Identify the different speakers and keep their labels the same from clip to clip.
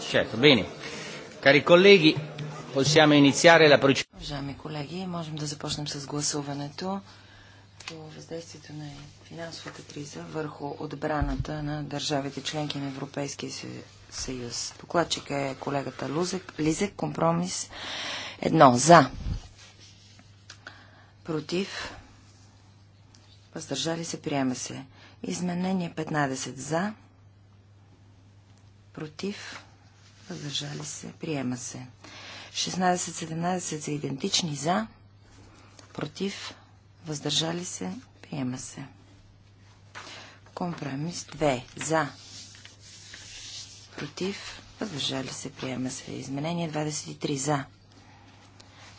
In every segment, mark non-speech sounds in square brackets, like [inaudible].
Speaker 1: Certo, bene. Cari colleghi, possiamo iniziare la procedura.
Speaker 2: Уважаеми колеги, можем да започнем с гласуването по въздействието на финансовата криза върху отбраната на държавите членки на Европейския съюз. Докладчик е колегата Лузек, Лизек, компромис едно за, против, въздържали се, приема се. Изменение 15 за, против, въздържали се, приема се. 16-17 са идентични за, против, въздържали се, приема се. Компромис 2 за, против, въздържали се, приема се. Изменение 23 за,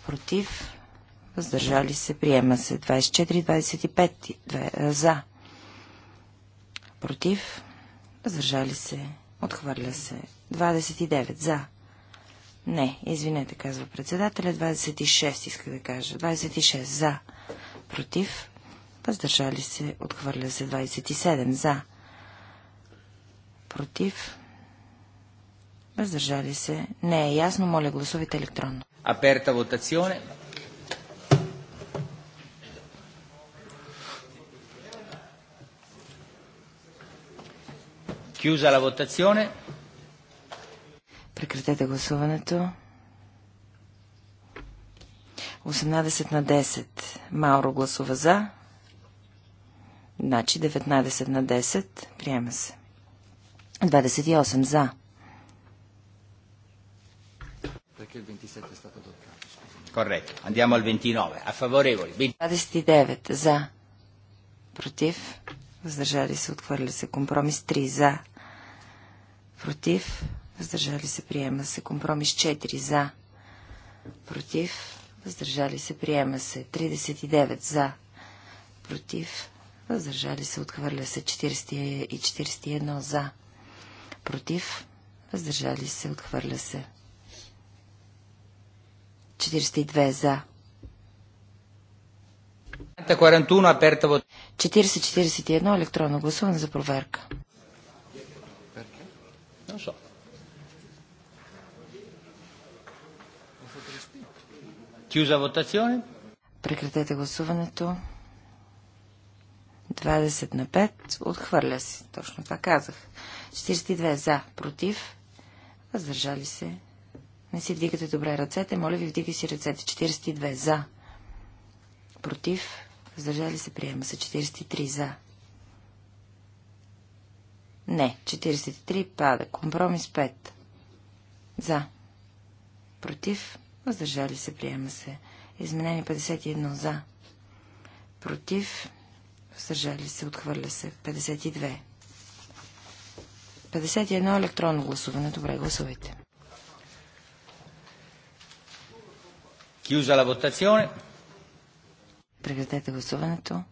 Speaker 2: против, въздържали се, приема се. 24-25 за, против, въздържали се, Отхвърля се. 29. За. Не, извинете, казва председателя. 26 иска да кажа. 26. За. Против. Въздържали се. Отхвърля се. 27. За. Против. Въздържали се. Не е ясно. Моля, гласувайте електронно.
Speaker 1: Аперта вотационе. Chiusa la votazione.
Speaker 2: Прекратете гласуването. 18 на 10. Мауро гласува за. Значи 19 на 10. Приема се. 28 за. Коректно.
Speaker 1: Andiamo al 29. А favorevoli.
Speaker 2: 29 за. Против въздържали се, отхвърля се. Компромис 3 за, против, въздържали се, приема се. Компромис 4 за, против, въздържали се, приема се. 39 за, против, въздържали се, отхвърля се. 40 и 41 за, против, въздържали се, отхвърля се. 42 за. 41 aperta 4041 електронно гласуване за проверка. Прекратете гласуването. 20 на 5. Отхвърля се. Точно това казах. 42 за, против. Въздържали се. Не си вдигате добре ръцете. Моля ви, вдигай си ръцете. 42 за, против. Въздържали се, приема се. 43 за. Не, 43 пада. Компромис 5. За. Против. Въздържали се, приема се. Изменени 51 за. Против. Въздържали се, отхвърля се. 52. 51 електронно гласуване. Добре, гласувайте.
Speaker 1: Chiusa la votazione.
Speaker 2: Прекратете гласуването.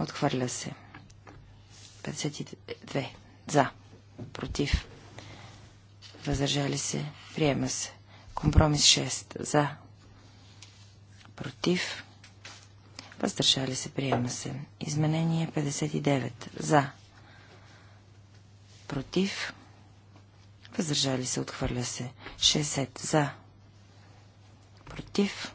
Speaker 2: Отхвърля се. 52. За. Против. Въздържали се. Приема се. Компромис 6. За. Против. Въздържали се. Приема се. Изменение 59. За. Против. Въздържали се. Отхвърля се. 60. За. Против.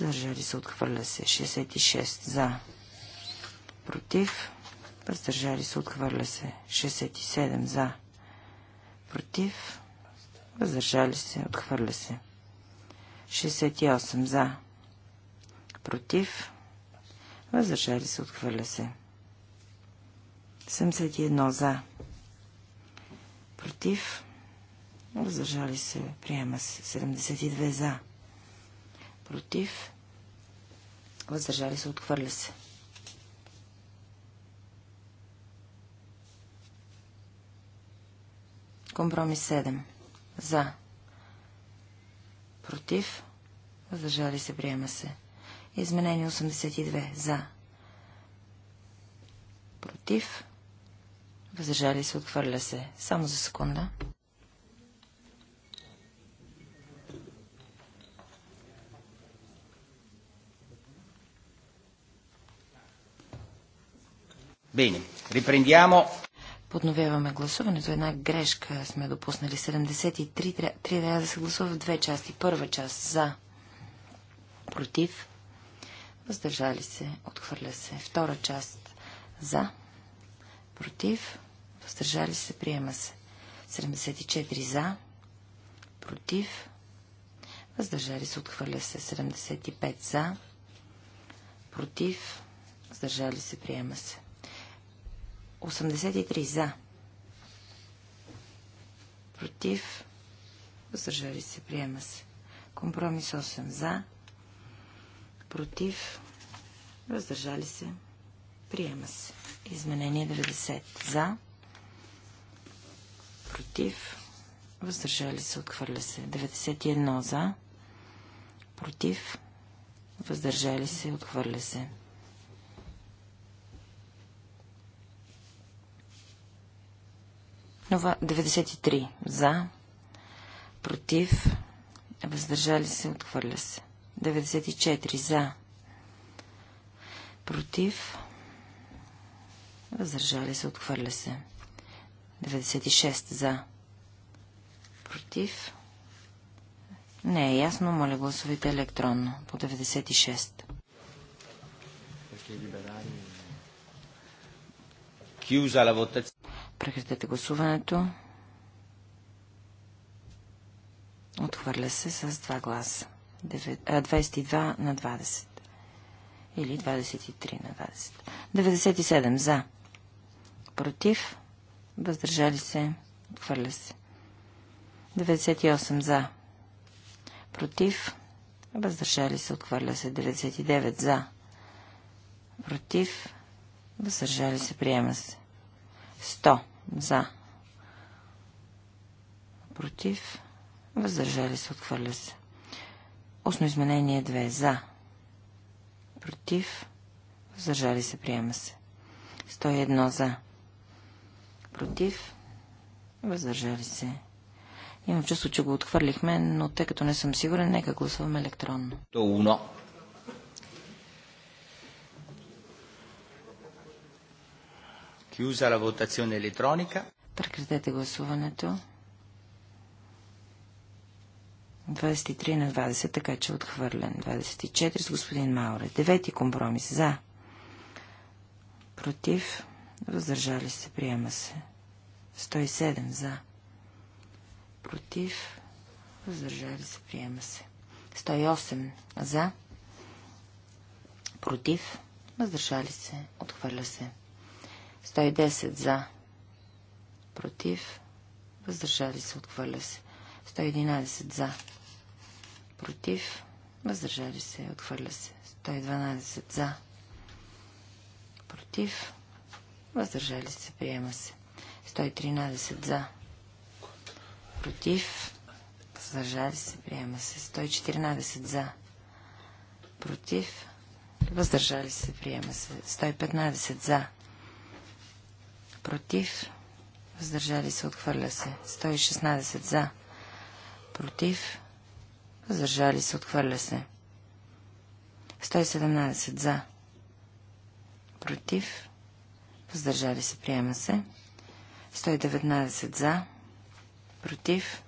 Speaker 2: Въздържали се, отхвърля се. 66 за. Против. Въздържали се, отхвърля се. 67 за. Против. Въздържали се, отхвърля се. 68 за. Против. Въздържали се, отхвърля се. 71 за. Против. Въздържали се, приема се. 72 за против, въздържали се, отхвърля се. Компромис 7. За. Против. Въздържали се, приема се. Изменение 82. За. Против. Въздържали се, отхвърля се. Само за секунда.
Speaker 1: Bene, riprendiamo.
Speaker 2: Подновяваме гласуването. Една грешка сме допуснали. 73 трябва да се гласува в две части. Първа част за, против, въздържали се, отхвърля се. Втора част за, против, въздържали се, приема се. 74 за, против, въздържали се, отхвърля се. 75 за, против, въздържали се, приема се. 83 за. Против. Въздържали се. Приема се. Компромис 8 за. Против. Въздържали се. Приема се. Изменение 90 за. Против. Въздържали се. Отхвърля се. 91 за. Против. Въздържали се. Отхвърля се. Основа 93. За. Против. Въздържали се. Отхвърля се. 94. За. Против. Въздържали се. Отхвърля се. 96. За. Против. Не е ясно. Моля гласовете електронно. По 96. Chiusa la votazione. Прекратете гласуването. Отхвърля се с 2 гласа. 22 на 20. Или 23 на 20. 97 за. Против. Въздържали се. Отхвърля се. 98 за. Против. Въздържали се. Отхвърля се. 99 за. Против. Въздържали се. Приема се. 100 за. Против. Въздържали се. Отхвърля се. Осно изменение 2 за. Против. Въздържали се. Приема се. 101 за. Против. Въздържали се. Имам чувство, че го отхвърлихме, но тъй като не съм сигурен, нека гласуваме електронно.
Speaker 1: То Chiusa la votazione elettronica.
Speaker 2: Прекратете гласуването. 23 на 20, така че е отхвърлен. 24 с господин Мауре. Девети компромис. За. Против. Въздържали се. Приема се. 107 за. Против. Въздържали се. Приема се. 108 за. Против. Въздържали се. Отхвърля се. 110 за. Против. Въздържали се. Отхвърля се. 111 за. Против. Въздържали се. Отхвърля се. 112 за. Против. Въздържали се. Приема се. 113 за. Против. Въздържали се. Приема се. 114 за. Против. Въздържали се. Приема се. 115 за против, въздържали се, отхвърля се. 116 за, против, въздържали се, отхвърля се. 117 за, против, въздържали се, приема се. 119 за, против,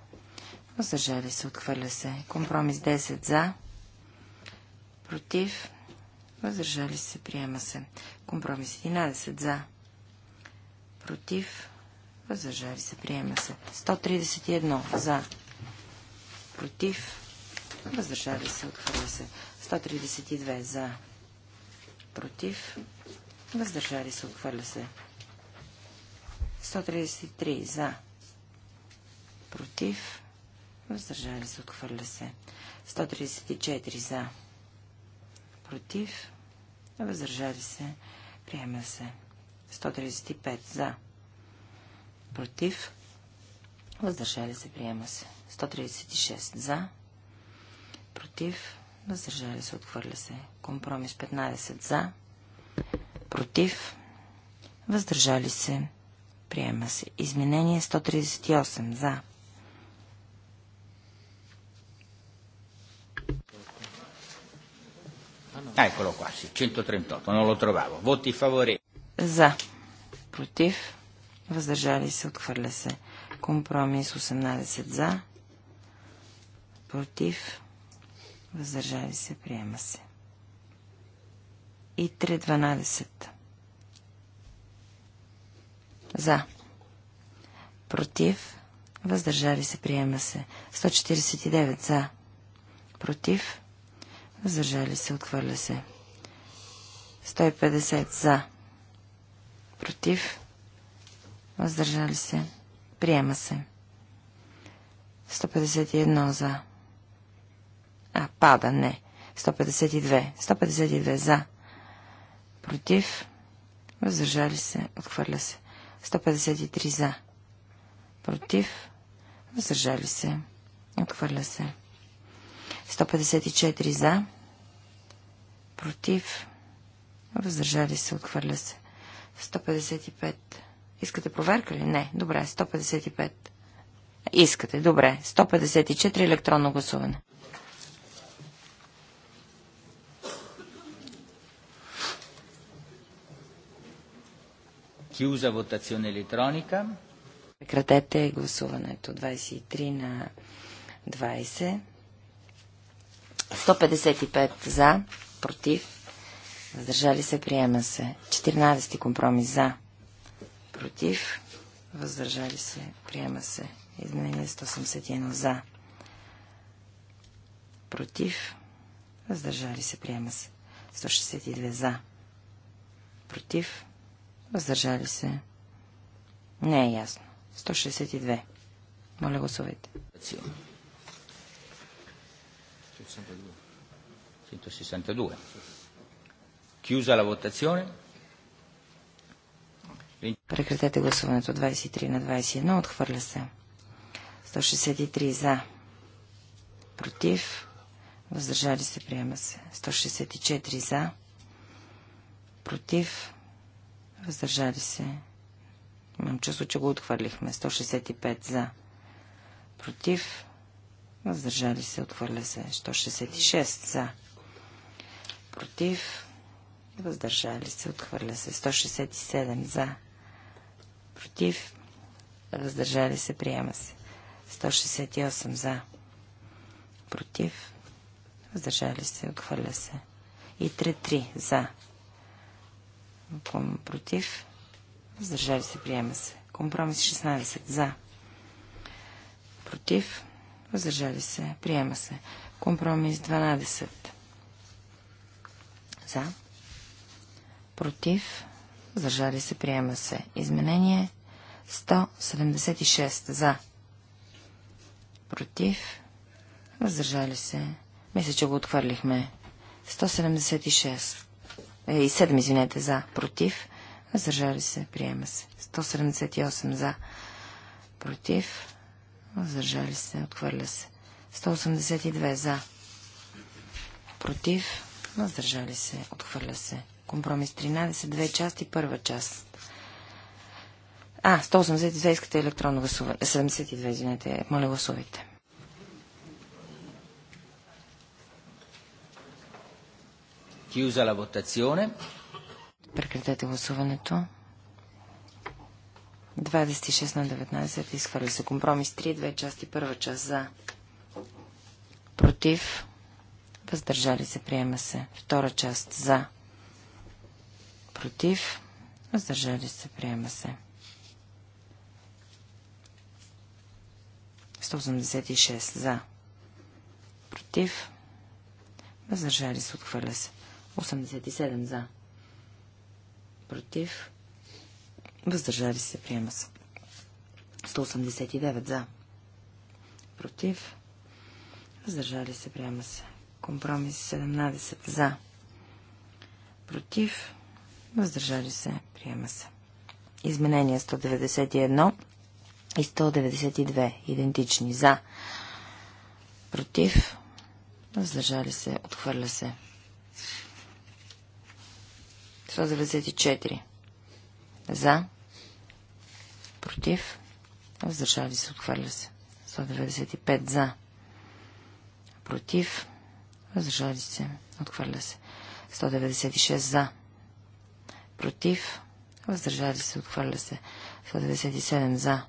Speaker 2: въздържали се, отхвърля се. Компромис 10 за, против, въздържали се, приема се. Компромис 11 за, против, въздържали се, приема се. 131 за, против, въздържали се, отхвърля се. 132 за, против, въздържали се, отхвърля се. 133 за, против, въздържали се, отхвърля се. 134 за, против, въздържали се, приема се. 135 за. Против. Въздържали се. Приема се. 136 за. Против. Въздържали се. Отхвърля се. Компромис 15 за. Против. Въздържали се. Приема се. Изменение 138 за.
Speaker 1: Eccolo qua, sì, 138, non lo trovavo. Voti favorevoli.
Speaker 2: За. Против. Въздържали се. Отхвърля се. Компромис 18 за. Против. Въздържали се. Приема се. И 3.12. За. Против. Въздържали се. Приема се. 149 за. Против. Въздържали се. Отхвърля се. 150 за против, въздържали се, приема се. 151 за. А, пада, не. 152. 152 за. Против, въздържали се, отхвърля се. 153 за. Против, въздържали се, отхвърля се. 154 за. Против, въздържали се, отхвърля се. 155. Искате проверка ли? Не. Добре, 155. Искате, добре. 154 електронно гласуване.
Speaker 1: Киуза вотацион електроника.
Speaker 2: Прекратете гласуването. 23 на 20. 155 за, против Въздържали се, приема се. 14 компромис за. Против. Въздържали се, приема се. Изменение 181 за. Против. Въздържали се, приема се. 162 за. Против. Въздържали се. Не е ясно. 162. Моля гласувайте. 62.
Speaker 1: 162. Chiusa la votazione.
Speaker 2: Прекратете гласуването 23 на 21. Отхвърля се. 163 за. Против. Въздържали се. Приема се. 164 за. Против. Въздържали се. Имам чувство, че го отхвърлихме. 165 за. Против. Въздържали се. Отхвърля се. 166 за. Против въздържали се, отхвърля се. 167 за, против, въздържали се, приема се. 168 за, против, въздържали се, отхвърля се. И 3-3 за, против, въздържали се, приема се. Компромис 16 за, против, въздържали се, приема се. Компромис 12 за, против, зажали се, приема се. Изменение 176 за, против, въздържали се. Мисля, че го отхвърлихме. 176. и 7, е, извинете, за, против, въздържали се, приема се. 178 за, против, въздържали се, отхвърля се. 182 за, против, въздържали се, отхвърля се. Компромис 13, две части, първа част. А, 182 искате електронно гласуване. 72, извинете. Моля, гласувайте. Chiusa la votazione. Прекратете гласуването. 26 на 19 изхвърля се компромис 3, две части, първа част за. Против. Въздържали се, приема се. Втора част за против, въздържали се, приема се. 186 за, против, въздържали се, отхвърля се. 87 за, против, въздържали се, приема се. 189 за, против, въздържали се, приема се. Компромис 17 за, против, Въздържали се. Приема се. Изменения 191 и 192. Идентични. За. Против. Въздържали се. Отхвърля се. 194. За. Против. Въздържали се. Отхвърля се. 195. За. Против. Въздържали се. Отхвърля се. 196. За против, въздържали се, отхвърля се. 197 за,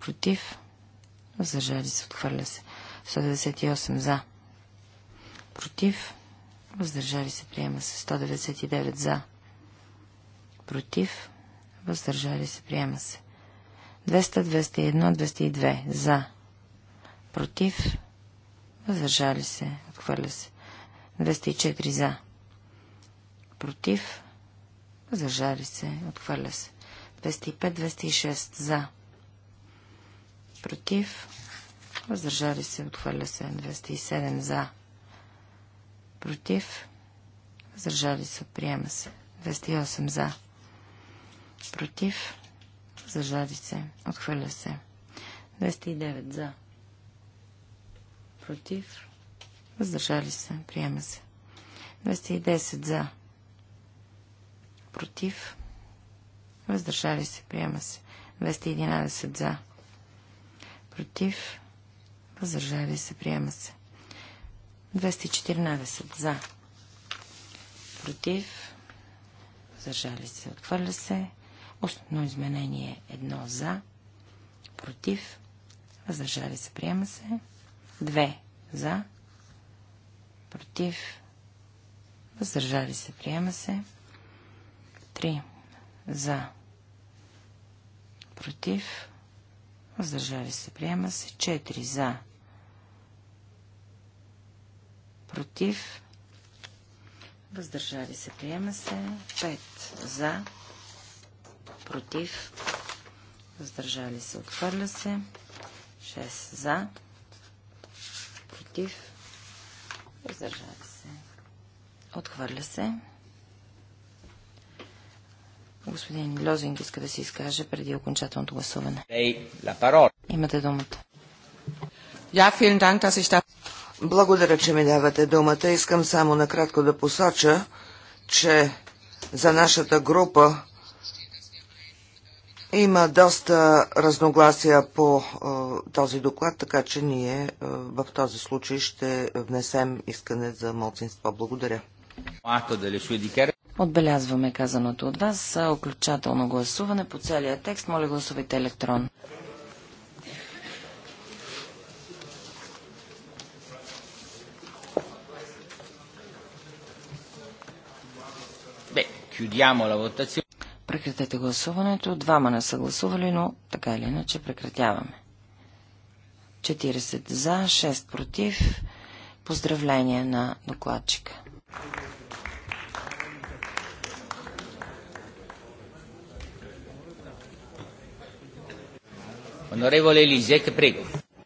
Speaker 2: против, въздържали се, отхвърля се. 198 за, против, въздържали се, приема се. 199 за, против, въздържали се, приема се. 200, 201, 202 за, против, въздържали се, отхвърля се. 204 за, против, въздържали се, отхвърля се. 205-206 за, против, въздържали се, отхвърля се. 207 за, против, въздържали се, приема се. 208 за, против, въздържали се, отхвърля се. 209 за, против, въздържали се, приема се. 210 за, против, въздържали се, приема се. 211 за, против, въздържали се, приема се. 214 за, против, въздържали се, отхвърля се. Основно изменение 1 за, против, въздържали се, приема се. 2 за, против, въздържали се, приема се. 3 за, против, въздържали се, приема се, 4 за, против, въздържали се, приема се, 5 за, против, въздържали се, отхвърля се, 6 за, против, въздържали се, отхвърля се. Господин Лозинг иска да се изкаже преди окончателното гласуване. Имате думата.
Speaker 3: Благодаря, че ми давате думата. Искам само накратко да посоча, че за нашата група има доста разногласия по е, този доклад, така че ние е, в този случай ще внесем искане за младсинство. Благодаря. Отбелязваме казаното от вас. Оключателно гласуване
Speaker 2: по целия текст. Моля гласувайте електрон. Прекратете гласуването. Двама не са гласували, но така или иначе прекратяваме. 40 за, 6 против. Поздравление на докладчика.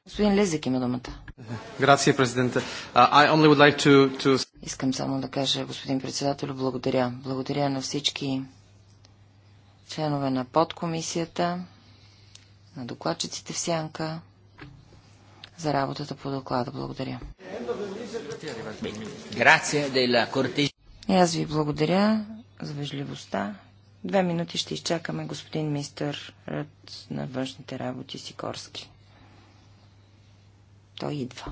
Speaker 2: Господин Лезек има думата. Грация, президента. Искам само да кажа, господин председател, благодаря. Благодаря на всички членове на подкомисията, на докладчиците в Сянка, за работата по доклада. Благодаря. И аз ви благодаря за вежливостта, Две минути ще изчакаме господин мистър на външните работи Сикорски. Той идва.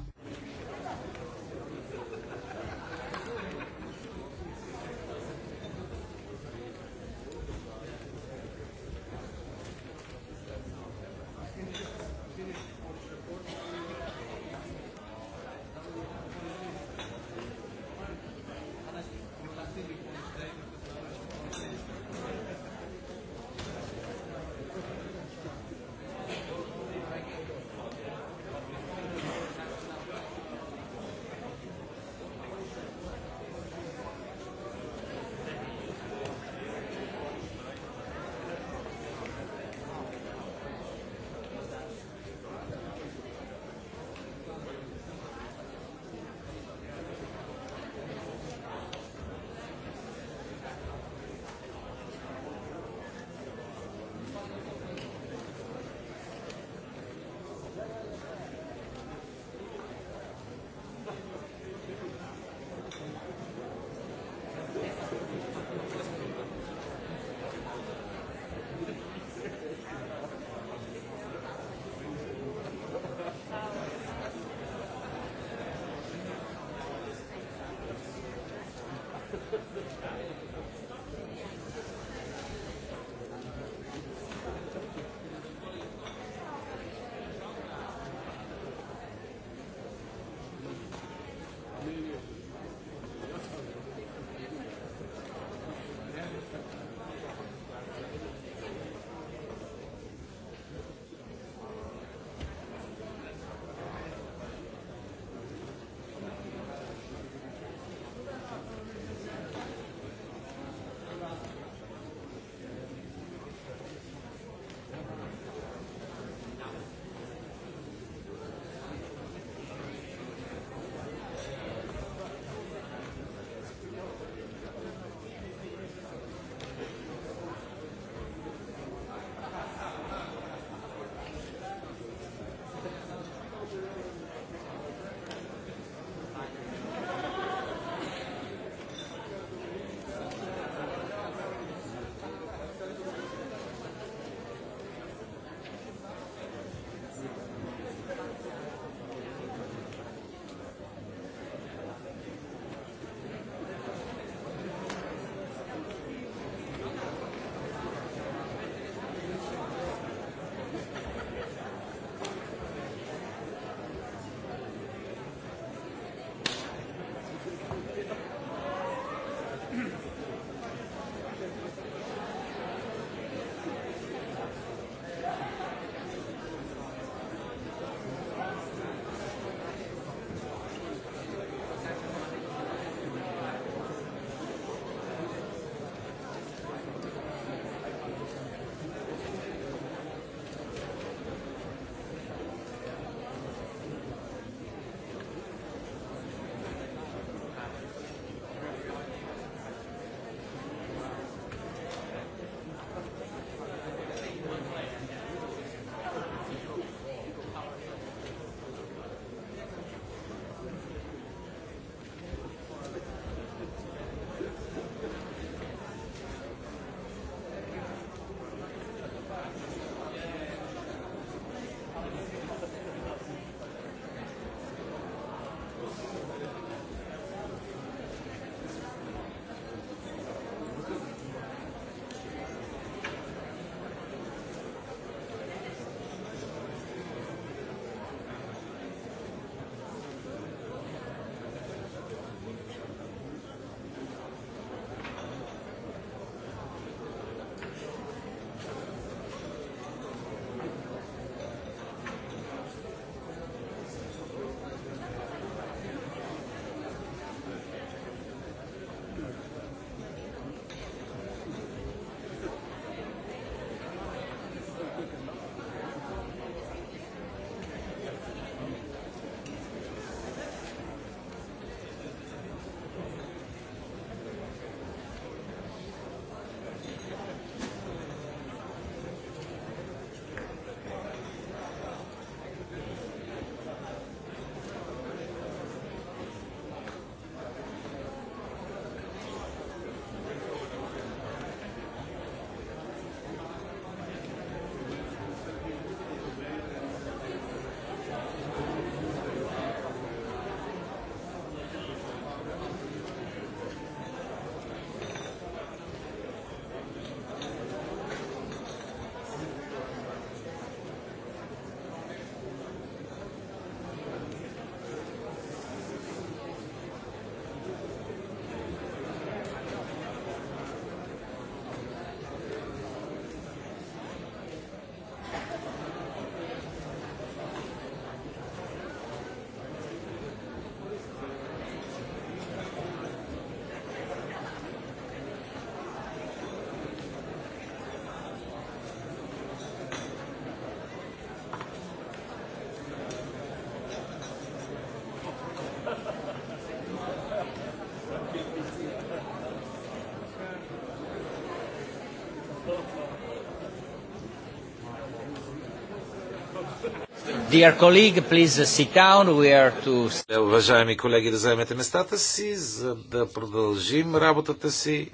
Speaker 4: Dear colleague, please sit down. We are to... Е, уважаеми колеги, да заемете местата си, за да продължим работата си.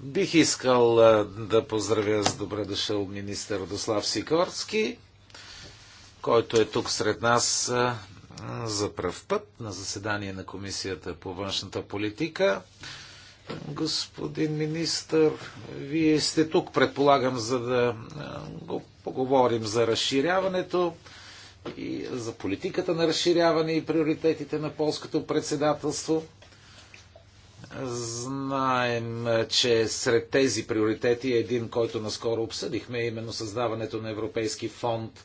Speaker 4: Бих искал е, да поздравя с добре дошъл министър Дослав Сикорски, който е тук сред нас е, за пръв път на заседание на Комисията по външната политика. Господин министър, вие сте тук, предполагам, за да го поговорим за разширяването и за политиката на разширяване и приоритетите на полското председателство. Знаем, че сред тези приоритети е един, който наскоро обсъдихме, именно създаването на Европейски фонд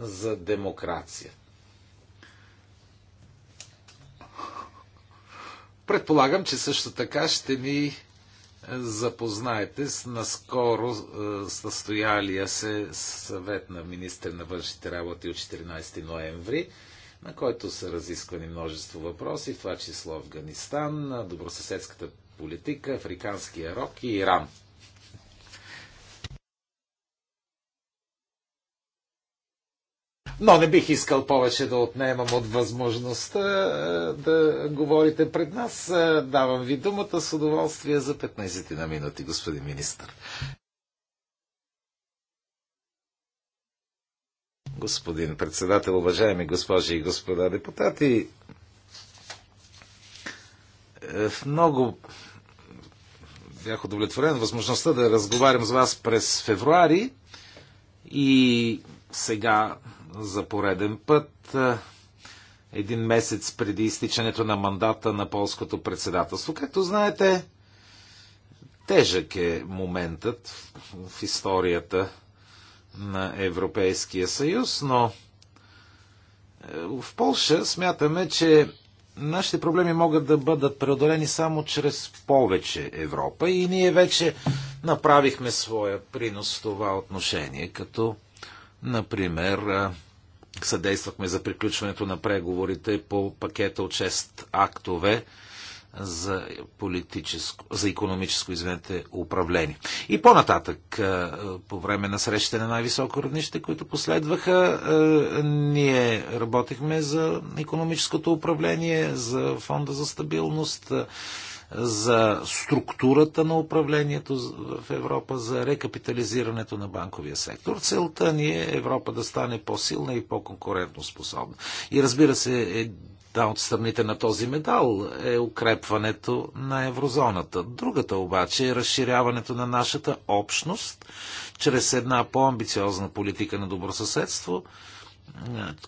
Speaker 4: за демокрация. Предполагам, че също така ще ни е, запознаете с наскоро е, състоялия се съвет на министър на външните работи от 14 ноември, на който са разисквани множество въпроси, в това число Афганистан, добросъседската политика, африканския рок и Иран. Но не бих искал повече да отнемам от възможността е, да говорите пред нас. Е, давам ви думата с удоволствие за 15 на минути, господин министр. Господин председател, уважаеми госпожи и господа депутати, е, в много бях удовлетворен възможността да разговарям с вас през февруари и сега за пореден път, е, един месец преди изтичането на мандата на полското председателство. Както знаете, тежък е моментът в историята на Европейския съюз, но е, в Польша смятаме, че нашите проблеми могат да бъдат преодолени само чрез повече Европа и ние вече направихме своя принос в това отношение, като Например, съдействахме за приключването на преговорите по пакета от 6 актове за, политическо, за економическо извинете, управление. И по-нататък, по време на срещите на най-високо роднище, които последваха, ние работихме за економическото управление, за фонда за стабилност, за структурата на управлението в Европа, за рекапитализирането на банковия сектор. Целта ни е Европа да стане по-силна и по-конкурентно способна. И разбира се, една от страните на този медал е укрепването на еврозоната. Другата обаче е разширяването на нашата общност чрез една по-амбициозна политика на добросъседство,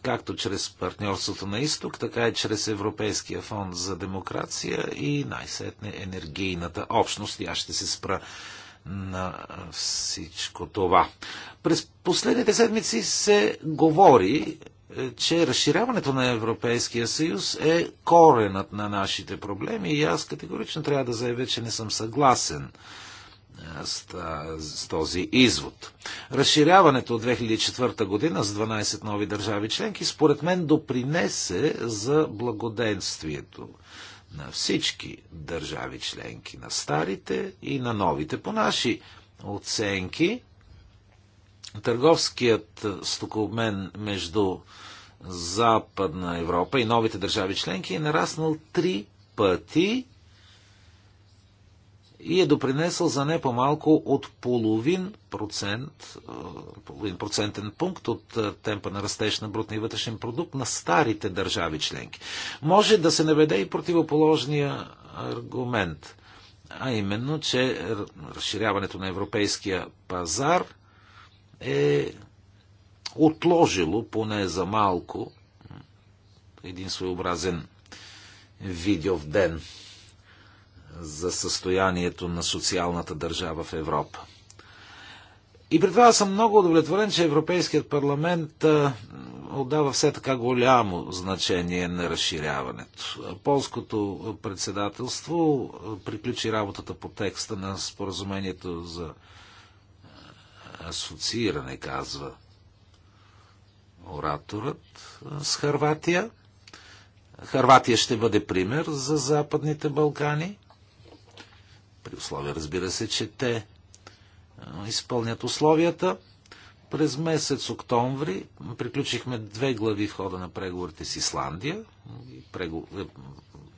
Speaker 4: както чрез партньорството на изток, така и чрез Европейския фонд за демокрация и най-сетне енергийната общност. И аз ще се спра на всичко това. През последните седмици се говори, е, че разширяването на Европейския съюз е коренът на нашите проблеми и аз категорично трябва да заявя, че не съм съгласен с, този извод. Разширяването от 2004 година с 12 нови държави членки, според мен, допринесе за благоденствието на всички държави членки, на старите и на новите. По наши оценки, търговският стокообмен между Западна Европа и новите държави членки е нараснал три пъти и е допринесъл за не по-малко от половин процент, е, половин процентен пункт от е, темпа на растеж на брутния вътрешен продукт на старите държави членки. Може да се наведе и противоположния аргумент, а именно, че разширяването на европейския пазар е отложило поне за малко един своеобразен видео в ден за състоянието на социалната държава в Европа. И при това съм много удовлетворен, че Европейският парламент отдава все така голямо значение на разширяването. Полското председателство приключи работата по текста на споразумението за асоцииране, казва ораторът с Харватия. Харватия ще бъде пример за Западните Балкани при условие, разбира се, че те изпълнят условията. През месец октомври приключихме две глави в хода на преговорите с Исландия. Прегу... Е,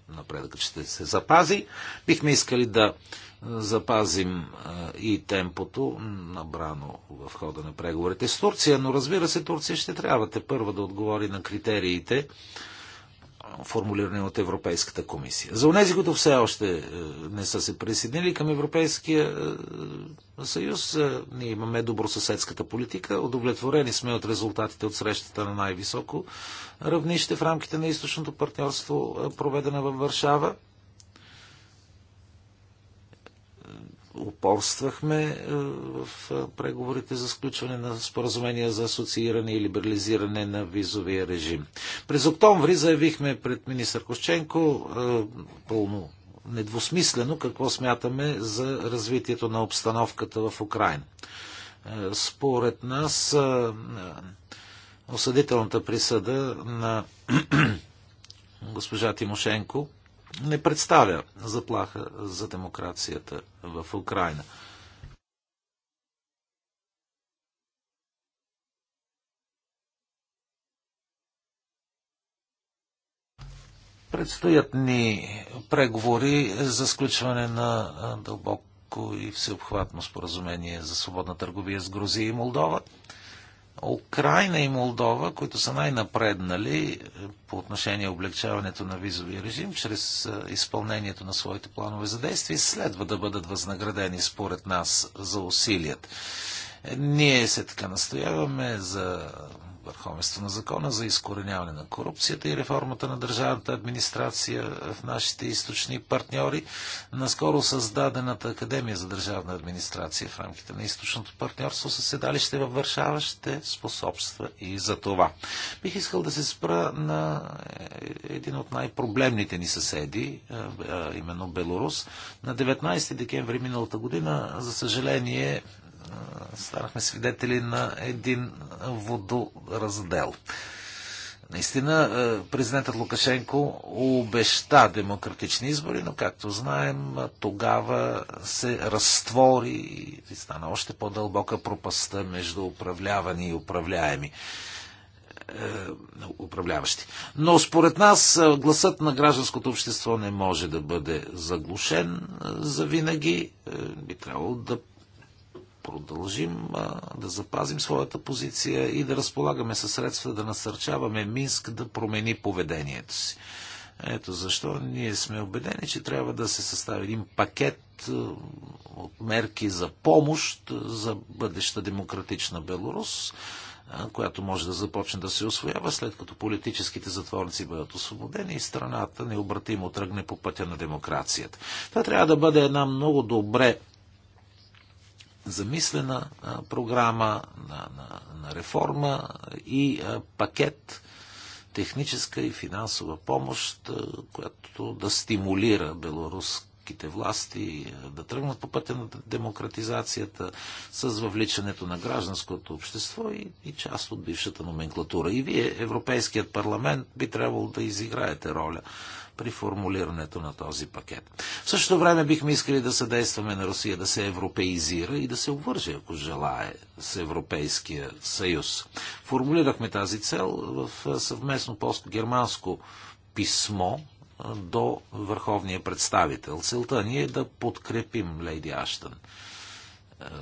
Speaker 4: напредъкът ще се запази. Бихме искали да запазим и темпото, набрано в хода на преговорите с Турция, но разбира се, Турция ще трябва те първа да отговори на критериите формулирани от Европейската комисия. За онези, които все още е, не са се присъединили към Европейския е, съюз, е, ние имаме добросъседската политика. Удовлетворени сме от резултатите от срещата на най-високо равнище в рамките на източното партньорство, проведена във Варшава. упорствахме е, в е, преговорите за сключване на споразумения за асоцииране и либерализиране на визовия режим. През октомври заявихме пред министър Кошченко е, пълно недвусмислено какво смятаме за развитието на обстановката в Украина. Според нас осъдителната присъда на [clears throat] госпожа Тимошенко не представя заплаха за демокрацията в Украина. Предстоят ни преговори за сключване на дълбоко и всеобхватно споразумение за свободна търговия с Грузия и Молдова. Украина и Молдова, които са най-напреднали е, по отношение облегчаването на визовия режим, чрез е, изпълнението на своите планове за действие, следва да бъдат възнаградени според нас за усилият. Е, ние се така настояваме за върховенство на закона, за изкореняване на корупцията и реформата на държавната администрация в нашите източни партньори. Наскоро създадената Академия за държавна администрация в рамките на източното партньорство със седалище във Варшава ще способства и за това. Бих искал да се спра на един от най-проблемните ни съседи, именно Белорус. На 19 декември миналата година, за съжаление, станахме свидетели на един водораздел. Наистина, президентът Лукашенко обеща демократични избори, но както знаем, тогава се разтвори и стана още по-дълбока пропаста между управлявани и управляеми е, управляващи. Но според нас гласът на гражданското общество не може да бъде заглушен за винаги. Е, би трябвало да продължим да запазим своята позиция и да разполагаме със средства да насърчаваме Минск да промени поведението си. Ето защо ние сме убедени, че трябва да се състави един пакет от мерки за помощ за бъдеща демократична Беларус, която може да започне да се освоява след като политическите затворници бъдат освободени и страната необратимо тръгне по пътя на демокрацията. Това трябва да бъде една много добре замислена програма на, на, на реформа и пакет техническа и финансова помощ, която да стимулира белорусските власти да тръгнат по пътя на демократизацията с въвличането на гражданското общество и, и част от бившата номенклатура. И вие, Европейският парламент, би трябвало да изиграете роля при формулирането на този пакет. В същото време бихме искали да съдействаме на Русия да се европеизира и да се обвърже, ако желае, с Европейския съюз. Формулирахме тази цел в съвместно полско-германско писмо до върховния представител. Целта ни е да подкрепим Лейди Аштън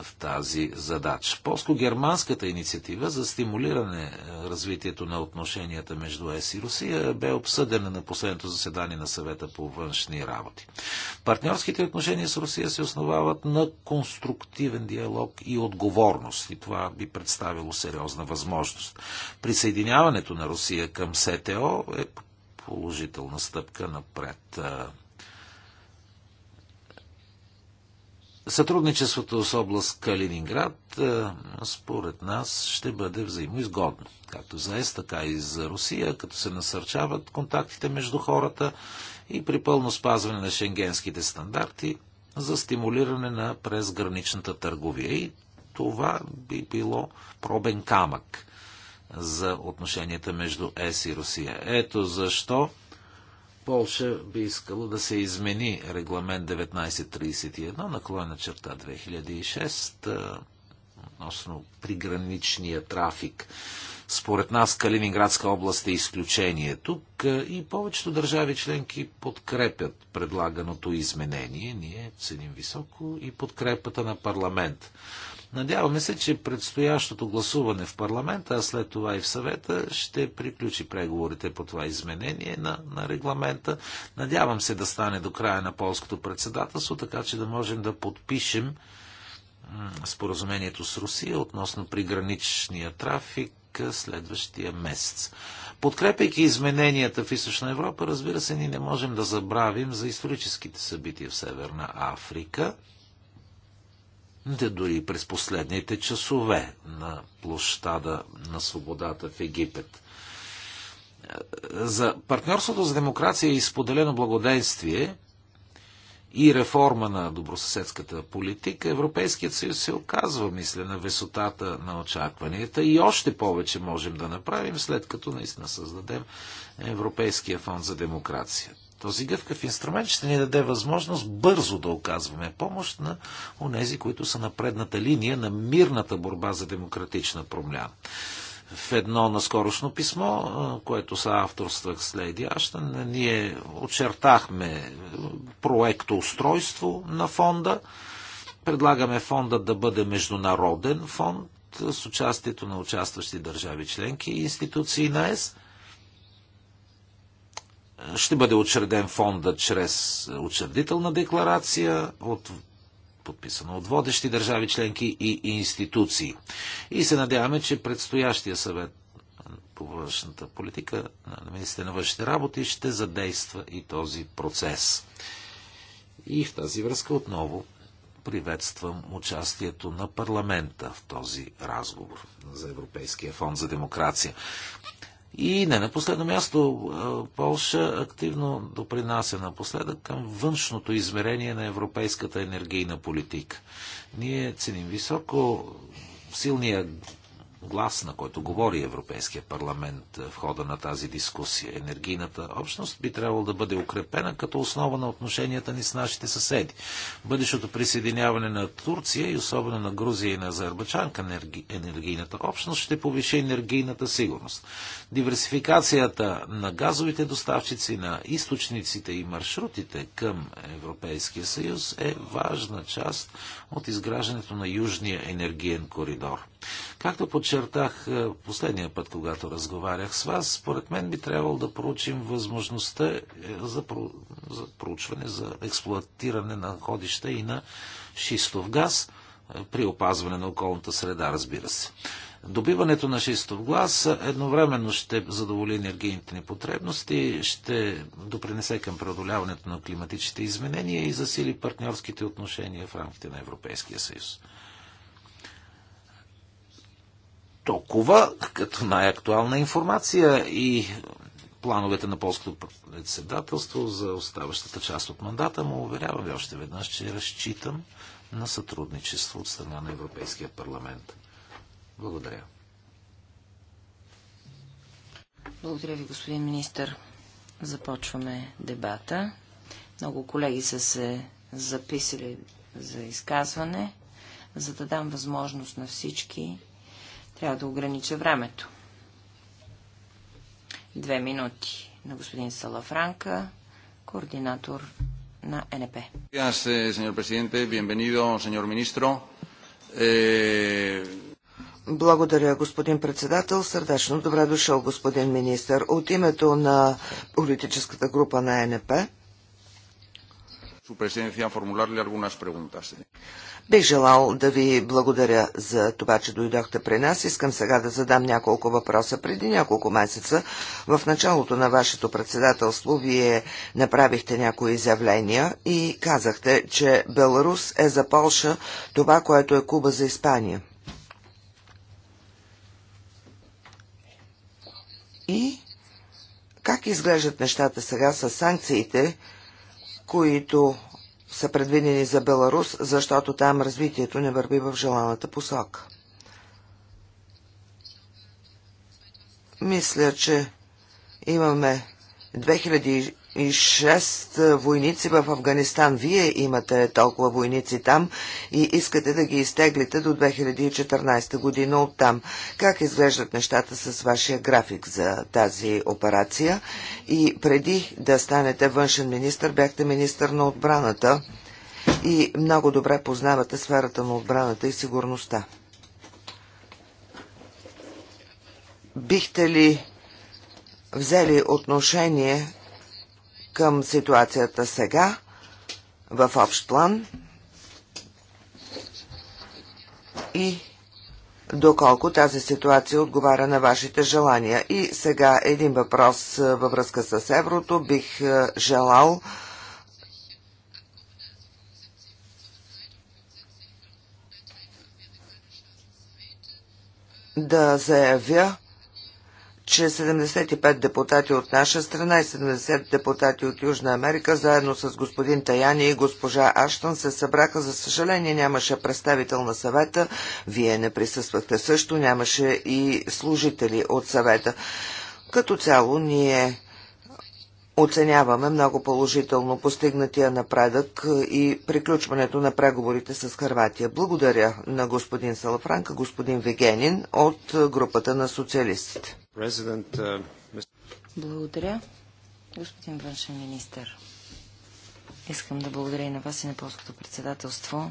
Speaker 4: в тази задача. Полско-германската инициатива за стимулиране е, развитието на отношенията между ЕС и Русия бе обсъдена на последното заседание на съвета по външни работи. Партньорските отношения с Русия се основават на конструктивен диалог и отговорност и това би представило сериозна възможност. Присъединяването на Русия към СТО е положителна стъпка напред. Е, Сътрудничеството с област Калининград, е, според нас, ще бъде взаимоизгодно, както за ЕС, така и за Русия, като се насърчават контактите между хората и при пълно спазване на шенгенските стандарти за стимулиране на презграничната търговия. И това би било пробен камък за отношенията между ЕС и Русия. Ето защо Полша би искала да се измени регламент 1931 на на черта 2006 относно приграничния трафик. Според нас Калининградска област е изключение тук и повечето държави членки подкрепят предлаганото изменение. Ние ценим високо и подкрепата на парламент. Надяваме се, че предстоящото гласуване в парламента, а след това и в съвета, ще приключи преговорите по това изменение на, на регламента. Надявам се да стане до края на полското председателство, така че да можем да подпишем споразумението с Русия относно приграничния трафик следващия месец. Подкрепяйки измененията в Източна Европа, разбира се, ние не можем да забравим за историческите събития в Северна Африка – да дори през последните часове на площада на свободата в Египет. За партньорството за демокрация е и споделено благоденствие и реформа на добросъседската политика, Европейският съюз се оказва, мисля, на висотата на очакванията и още повече можем да направим, след като наистина създадем Европейския фонд за демокрация. Този гъвкав инструмент ще ни даде възможност бързо да оказваме помощ на онези, които са на предната линия на мирната борба за демократична промяна. В едно наскорошно писмо, което са авторствах с Лейди Аштън, ние очертахме проекто устройство на фонда. Предлагаме фонда да бъде международен фонд с участието на участващи държави членки и институции на ЕС ще бъде учреден фонда чрез учредителна декларация от подписано от водещи държави членки и институции. И се надяваме, че предстоящия съвет по външната политика на министерството на външните работи ще задейства и този процес. И в тази връзка отново приветствам участието на парламента в този разговор за Европейския фонд за демокрация. И не на последно място, Полша активно допринася напоследък към външното измерение на европейската енергийна политика. Ние ценим високо силния глас, на който говори Европейския парламент е, в хода на тази дискусия. Енергийната общност би трябвало да бъде укрепена като основа на отношенията ни с нашите съседи. Бъдещото присъединяване на Турция и особено на Грузия и на Азербайджан към енергийната общност ще повиши енергийната сигурност. Диверсификацията на газовите доставчици, на източниците и маршрутите към Европейския съюз е важна част от изграждането на Южния енергиен коридор. Както подчер подчертах е, последния път, когато разговарях с вас, според мен би трябвало да проучим възможността е, за, про... за проучване, за експлуатиране на ходища и на шистов газ е, при опазване на околната среда, разбира се. Добиването на шистов глас едновременно ще задоволи енергийните ни потребности, ще допринесе към преодоляването на климатичните изменения и засили партньорските отношения в рамките на Европейския съюз. толкова като най-актуална информация и плановете на полското председателство за оставащата част от мандата му. Уверявам ви още веднъж, че разчитам на сътрудничество от страна на Европейския парламент. Благодаря.
Speaker 2: Благодаря ви, господин министр. Започваме дебата. Много колеги са се записали за изказване, за да дам възможност на всички трябва да огранича времето. Две минути на господин Салафранка, координатор
Speaker 3: на НП.
Speaker 4: Eh,
Speaker 3: Благодаря, господин председател. Сърдечно добре дошъл, господин министр. От името на политическата група на НП.
Speaker 4: Su presencia, formularle algunas preguntas.
Speaker 3: Бих желал да ви благодаря за това, че дойдохте при нас. Искам сега да задам няколко въпроса. Преди няколко месеца, в началото на вашето председателство, вие направихте някои изявления и казахте, че Беларус е за Полша това, което е Куба за Испания. И как изглеждат нещата сега с санкциите, които са предвидени за Беларус, защото там развитието не върви в желаната посока. Мисля, че имаме и шест войници в Афганистан. Вие имате толкова войници там и искате да ги изтеглите до 2014 година от там. Как изглеждат нещата с вашия график за тази операция? И преди да станете външен министр, бяхте министр на отбраната и много добре познавате сферата на отбраната и сигурността. Бихте ли взели отношение към ситуацията сега в общ план и доколко тази ситуация отговаря на вашите желания. И сега един въпрос във връзка с еврото. Бих желал да заявя, че 75 депутати от наша страна и 70 депутати от Южна Америка, заедно с господин Таяни и госпожа Аштън, се събраха. За съжаление нямаше представител на съвета, вие не присъствахте също, нямаше и служители от съвета. Като цяло ние оценяваме много положително постигнатия напредък и приключването на преговорите с Харватия. Благодаря на господин Салафранка, господин Вегенин от групата на социалистите.
Speaker 4: Е,
Speaker 2: благодаря, господин външен министр. Искам да благодаря и на вас и на полското председателство,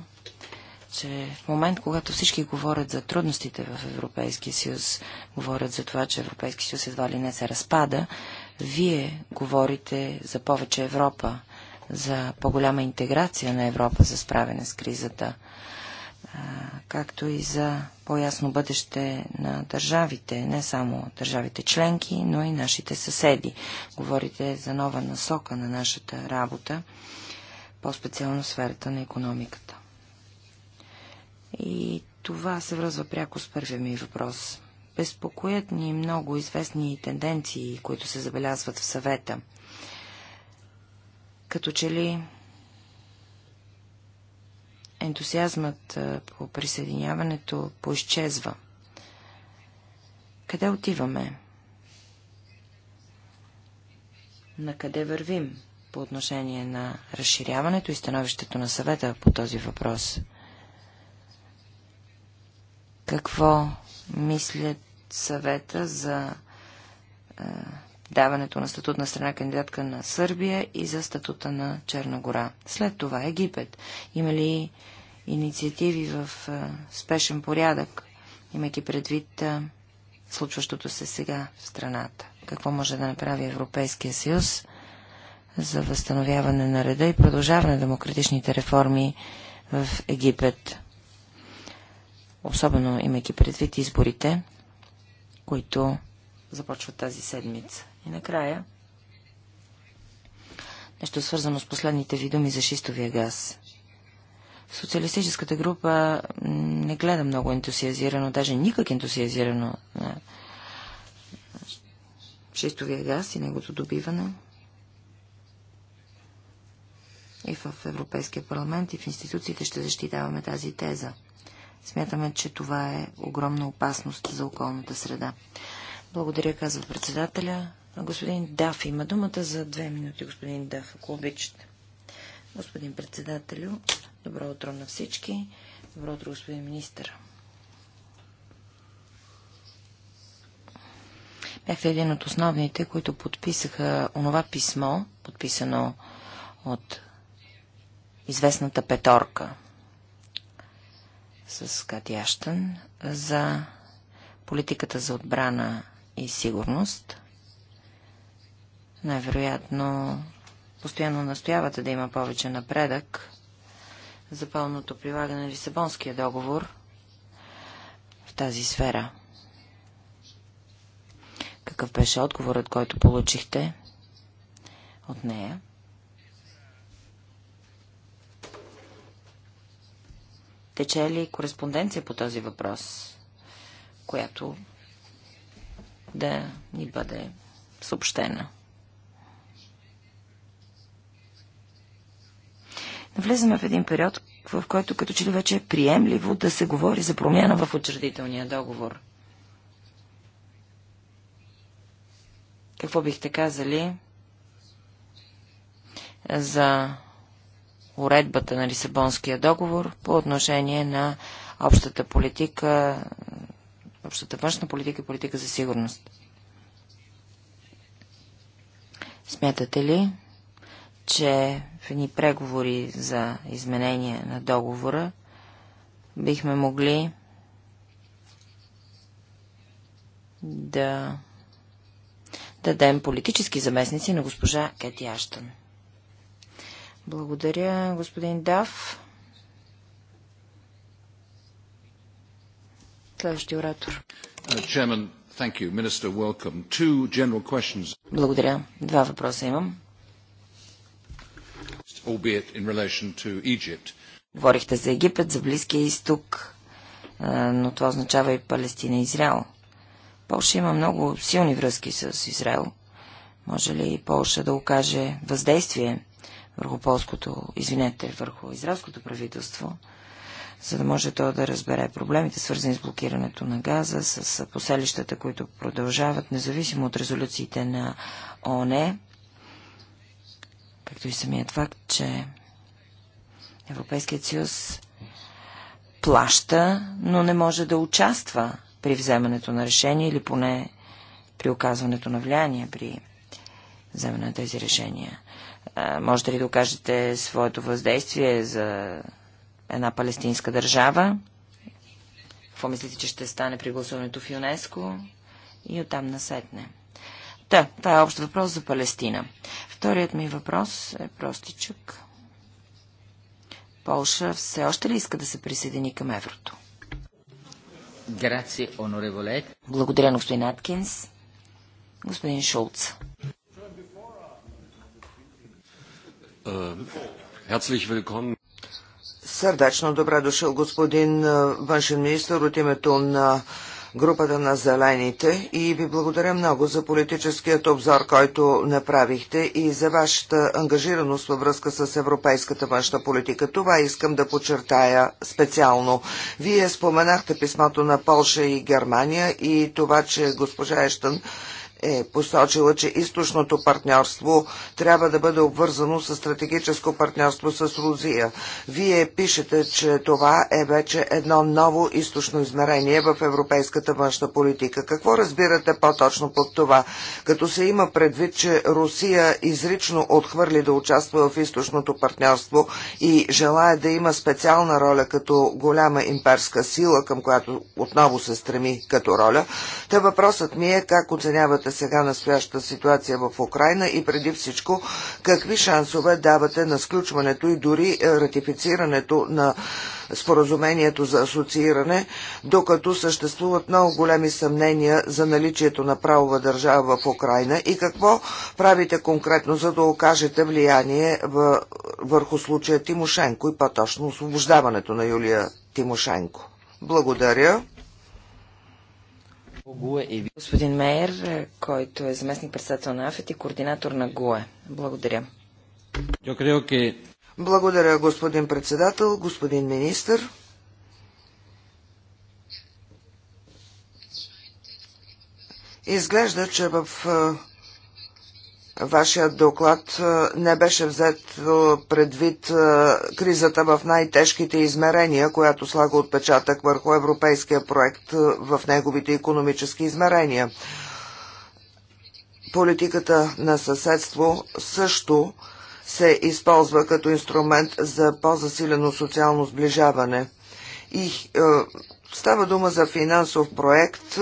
Speaker 2: че в момент, когато всички говорят за трудностите в Европейския съюз, говорят за това, че Европейския съюз едва ли не се разпада, вие говорите за повече Европа, за по-голяма интеграция на Европа за справяне с кризата – както и за по-ясно бъдеще на държавите, не само държавите членки, но и нашите съседи. Говорите за нова насока на нашата работа, по-специално в сферата на економиката. И това се връзва пряко с първия ми въпрос. Безпокоят ни много известни тенденции, които се забелязват в съвета. Като че ли ентусиазмът по присъединяването поизчезва. Къде отиваме? На къде вървим по отношение на разширяването и становището на съвета по този въпрос? Какво мислят съвета за даването на статут на страна кандидатка на Сърбия и за статута на Черна гора. След това Египет. Има ли инициативи в спешен порядък, имайки предвид случващото се сега в страната? Какво може да направи Европейския съюз за възстановяване на реда и продължаване на демократичните реформи в Египет? Особено имайки предвид изборите, които започва тази седмица. И накрая нещо свързано с последните ви думи за шистовия газ. В социалистическата група не гледа много ентусиазирано, даже никак ентусиазирано на шистовия газ и негото добиване. И в Европейския парламент, и в институциите ще защитаваме тази теза. Смятаме, че това е огромна опасност за околната среда. Благодаря, казва председателя. Господин Даф има думата за две минути, господин Даф, ако обичате. Господин председателю, добро утро на всички. Добро утро, господин министър. Бяхте един от основните, които подписаха онова писмо, подписано от известната петорка с Катящен за политиката за отбрана и сигурност. Най-вероятно постоянно настоявате да има повече напредък за пълното прилагане на Лисабонския договор в тази сфера. Какъв беше отговорът, който получихте от нея? Тече ли кореспонденция по този въпрос, която да ни бъде съобщена. Навлизаме в един период, в който като че ли вече е приемливо да се говори за промяна в учредителния договор. Какво бихте казали за уредбата на Лисабонския договор по отношение на общата политика общата външна политика и политика за сигурност. Смятате ли, че в едни преговори за изменение на договора бихме могли да дадем политически заместници на госпожа Кети Аштън? Благодаря, господин Дав. Следващия оратор.
Speaker 4: Uh,
Speaker 2: Благодаря. Два въпроса имам. Говорихте за Египет, за Близкия изток, но това означава и Палестина и Израел. Полша има много силни връзки с Израел. Може ли Полша да окаже въздействие върху полското, извинете, върху израелското правителство – за да може той да разбере проблемите, свързани с блокирането на газа, с поселищата, които продължават, независимо от резолюциите на ОНЕ, както и самият факт, че Европейският съюз плаща, но не може да участва при вземането на решение или поне при оказването на влияние при вземане на тези решения. А, можете ли да окажете своето въздействие за една палестинска държава. Какво мислите, че ще стане при гласуването в ЮНЕСКО и оттам насетне? Та, това е общ въпрос за Палестина. Вторият ми въпрос е простичък. Полша все още ли иска да се присъедини към еврото?
Speaker 1: Грация, онореволе.
Speaker 2: Благодаря господин Аткинс.
Speaker 3: Господин Шулц.
Speaker 1: Herzlich е, willkommen.
Speaker 3: Сърдечно добре дошъл господин външен министр от името на групата на зелените и ви благодаря много за политическият обзор, който направихте и за вашата ангажираност във връзка с европейската външна политика. Това искам да подчертая специално. Вие споменахте писмото на Полша и Германия и това, че госпожа Ещън е посочила, че източното партньорство трябва да бъде обвързано с стратегическо партньорство с Рузия. Вие пишете, че това е вече едно ново източно измерение в европейската външна политика. Какво разбирате по-точно под това? Като се има предвид, че Русия изрично отхвърли да участва в източното партньорство и желая да има специална роля като голяма имперска сила, към която отново се стреми като роля, та въпросът ми е как оценявате сега настоящата ситуация в Украина и преди всичко какви шансове давате на сключването и дори е, ратифицирането на споразумението за асоцииране, докато съществуват много големи съмнения за наличието на правова държава в Украина и какво правите конкретно, за да окажете влияние върху случая Тимошенко и по-точно освобождаването на Юлия Тимошенко.
Speaker 2: Благодаря. Господин Мейер, който е заместник председател на АФЕТ и координатор на ГУЕ. Благодаря.
Speaker 3: Благодаря, господин председател, господин министр. Изглежда, че в Вашият доклад не беше взет предвид кризата в най-тежките измерения, която слага отпечатък върху европейския проект в неговите економически измерения. Политиката на съседство също се използва като инструмент за по-засилено социално сближаване. И е, става дума за финансов проект,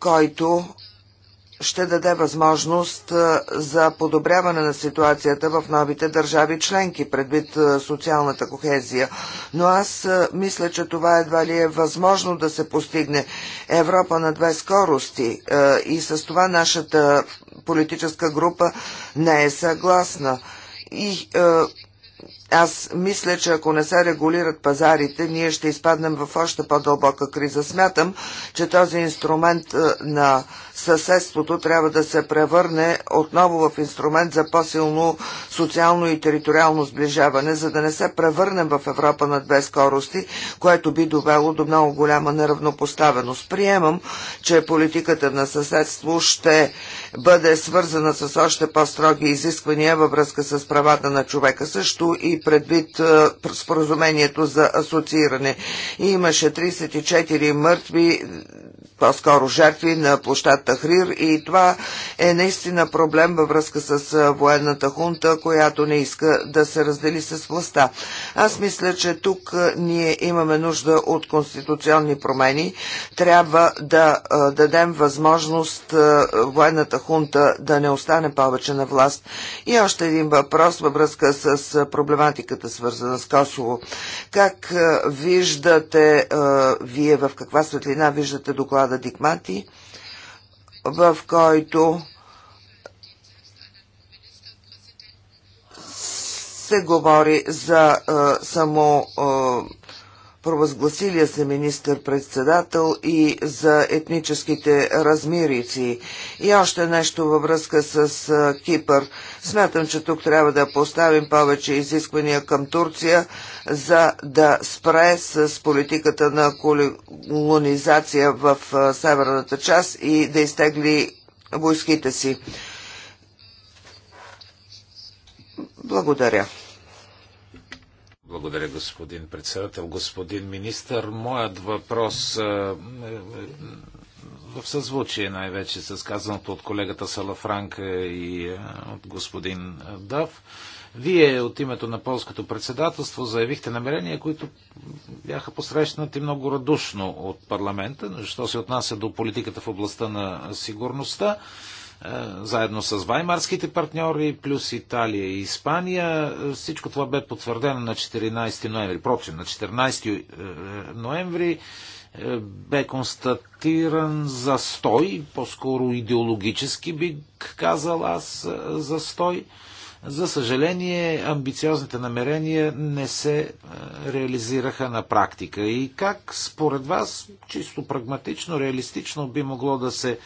Speaker 3: който ще даде възможност за подобряване на ситуацията в новите държави членки, предвид социалната кохезия. Но аз мисля, че това едва ли е възможно да се постигне Европа на две скорости и с това нашата политическа група не е съгласна. И аз мисля, че ако не се регулират пазарите, ние ще изпаднем в още по-дълбока криза. Смятам, че този инструмент е, на съседството трябва да се превърне отново в инструмент за по-силно социално и териториално сближаване, за да не се превърнем в Европа на две скорости, което би довело до много голяма неравнопоставеност. Приемам, че политиката на съседство ще бъде свързана с още по-строги изисквания във връзка с правата на човека също и и предвид споразумението за асоцииране. имаше 34 мъртви, по-скоро жертви на площад Тахрир и това е наистина проблем във връзка с военната хунта, която не иска да се раздели с властта. Аз мисля, че тук ние имаме нужда от конституционни промени. Трябва да дадем възможност военната хунта да не остане повече на власт. И още един въпрос във връзка с проблематиката, свързана с Косово. Как виждате вие, в каква светлина виждате доклада парадигмати, в който се говори за а, само а, провъзгласилия се министър-председател и за етническите размирици. И още нещо във връзка с а, Кипър. Смятам, че тук трябва да поставим повече изисквания към Турция за да спре с политиката на колонизация в северната част и да изтегли войските си. Благодаря.
Speaker 4: Благодаря, господин председател. Господин министър, моят въпрос е, е, е, в съзвучие най-вече с казаното от колегата Салафранка и от господин Дав вие от името на полското председателство заявихте намерения, които бяха посрещнати много радушно от парламента, що се отнася до политиката в областта на сигурността е, заедно с ваймарските партньори, плюс Италия и Испания. Е, всичко това бе потвърдено на 14 ноември. Прочим, на 14 е, ноември бе констатиран застой, по-скоро идеологически би казал аз застой. За съжаление, амбициозните намерения не се е, реализираха на практика. И как според вас, чисто прагматично, реалистично би могло да се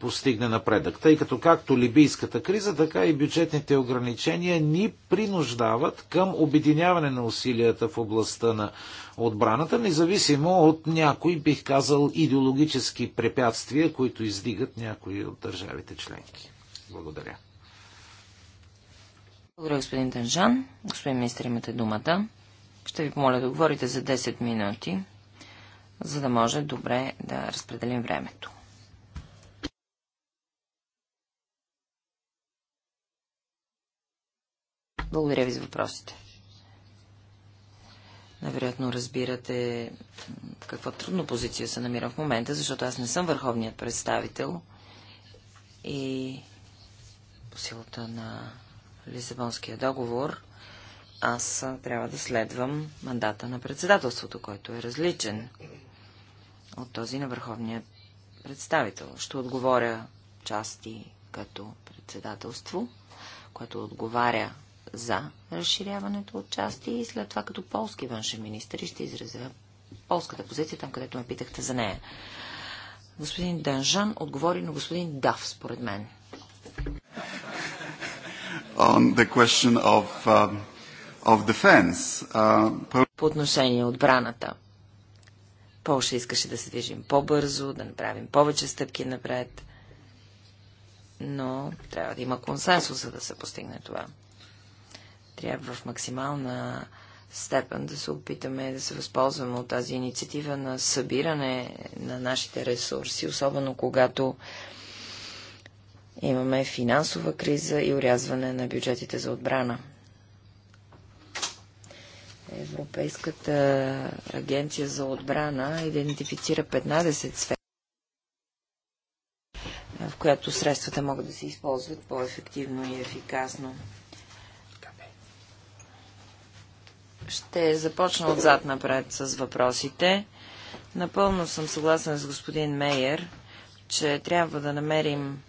Speaker 4: постигне напредък? Тъй като както либийската криза, така и бюджетните ограничения ни принуждават към обединяване на усилията в областта на отбраната, независимо от някои, бих казал, идеологически препятствия, които издигат някои от държавите членки. Благодаря.
Speaker 2: Благодаря, господин Данжан. Господин министр, имате думата. Ще ви помоля да говорите за 10 минути, за да може добре да разпределим времето. Благодаря ви за въпросите. Навероятно разбирате в каква трудна позиция се намира в момента, защото аз не съм върховният представител и по силата на Лисабонския договор, аз трябва да следвам мандата на председателството, който е различен от този на върховния представител. Ще отговоря части като председателство, което отговаря за разширяването от части и след това като полски външен министр ще изразя полската позиция, там където ме питахте за нея. Господин Данжан отговори на господин Дав, според мен
Speaker 3: on the question of,
Speaker 2: uh, of defense. Uh, по отношение отбраната. Полша искаше да се движим по-бързо, да направим повече стъпки напред, но трябва да има консенсус, за да се постигне това. Трябва в максимална степен да се опитаме да се възползваме от тази инициатива на събиране на нашите ресурси, особено когато Имаме финансова криза и урязване на бюджетите за отбрана. Европейската агенция за отбрана идентифицира 15 сфери, в която средствата могат да се използват по-ефективно и ефикасно. Ще започна отзад напред с въпросите. Напълно съм съгласен с господин Мейер, че трябва да намерим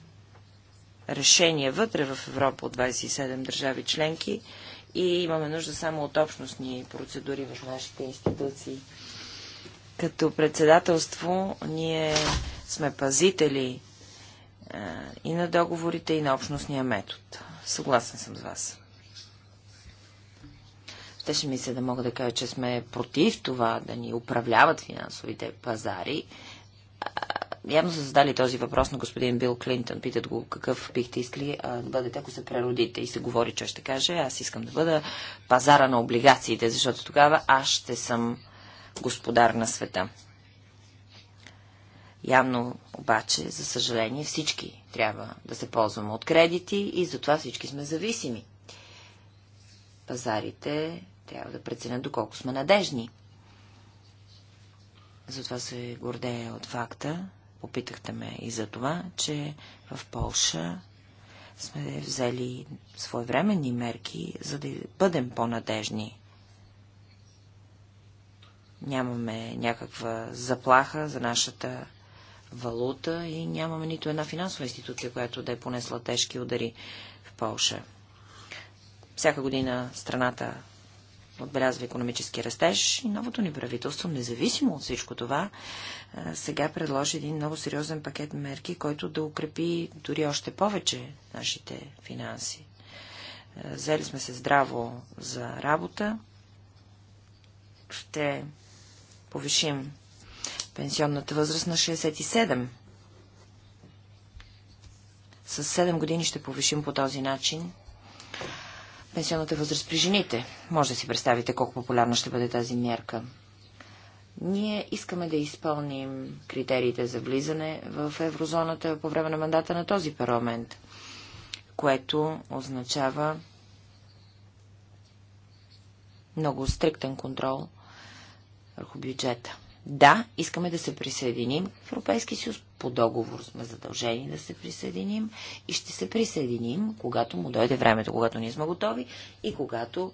Speaker 2: решения вътре в Европа от 27 държави членки и имаме нужда само от общностни процедури в нашите институции. Като председателство ние сме пазители е, и на договорите, и на общностния метод. Съгласен съм с вас. Те ми се да мога да кажа, че сме против това да ни управляват финансовите пазари, явно са задали този въпрос на господин Бил Клинтън. Питат го какъв бихте искали а, да бъдете, ако се преродите. И се говори, че ще каже, аз искам да бъда пазара на облигациите, защото тогава аз ще съм господар на света. Явно обаче, за съжаление, всички трябва да се ползваме от кредити и затова всички сме зависими. Пазарите трябва да преценят доколко сме надежни. Затова се гордея от факта, Попитахте ме и за това, че в Полша сме взели своевременни мерки, за да бъдем по-надежни. Нямаме някаква заплаха за нашата валута и нямаме нито една финансова институция, която да е понесла тежки удари в Полша. Всяка година страната отбелязва економически растеж и новото ни правителство, независимо от всичко това, е, сега предложи един много сериозен пакет мерки, който да укрепи дори още повече нашите финанси. Е, взели сме се здраво за работа. Ще повишим пенсионната възраст на 67. С 7 години ще повишим по този начин пенсионната възраст при жените. Може да си представите колко популярна ще бъде тази мярка. Ние искаме да изпълним критериите за влизане в еврозоната по време на мандата на този парламент, което означава много стриктен контрол върху бюджета. Да, искаме да се присъединим в Европейски съюз по договор сме задължени да се присъединим и ще се присъединим, когато му дойде времето, когато ние сме готови и когато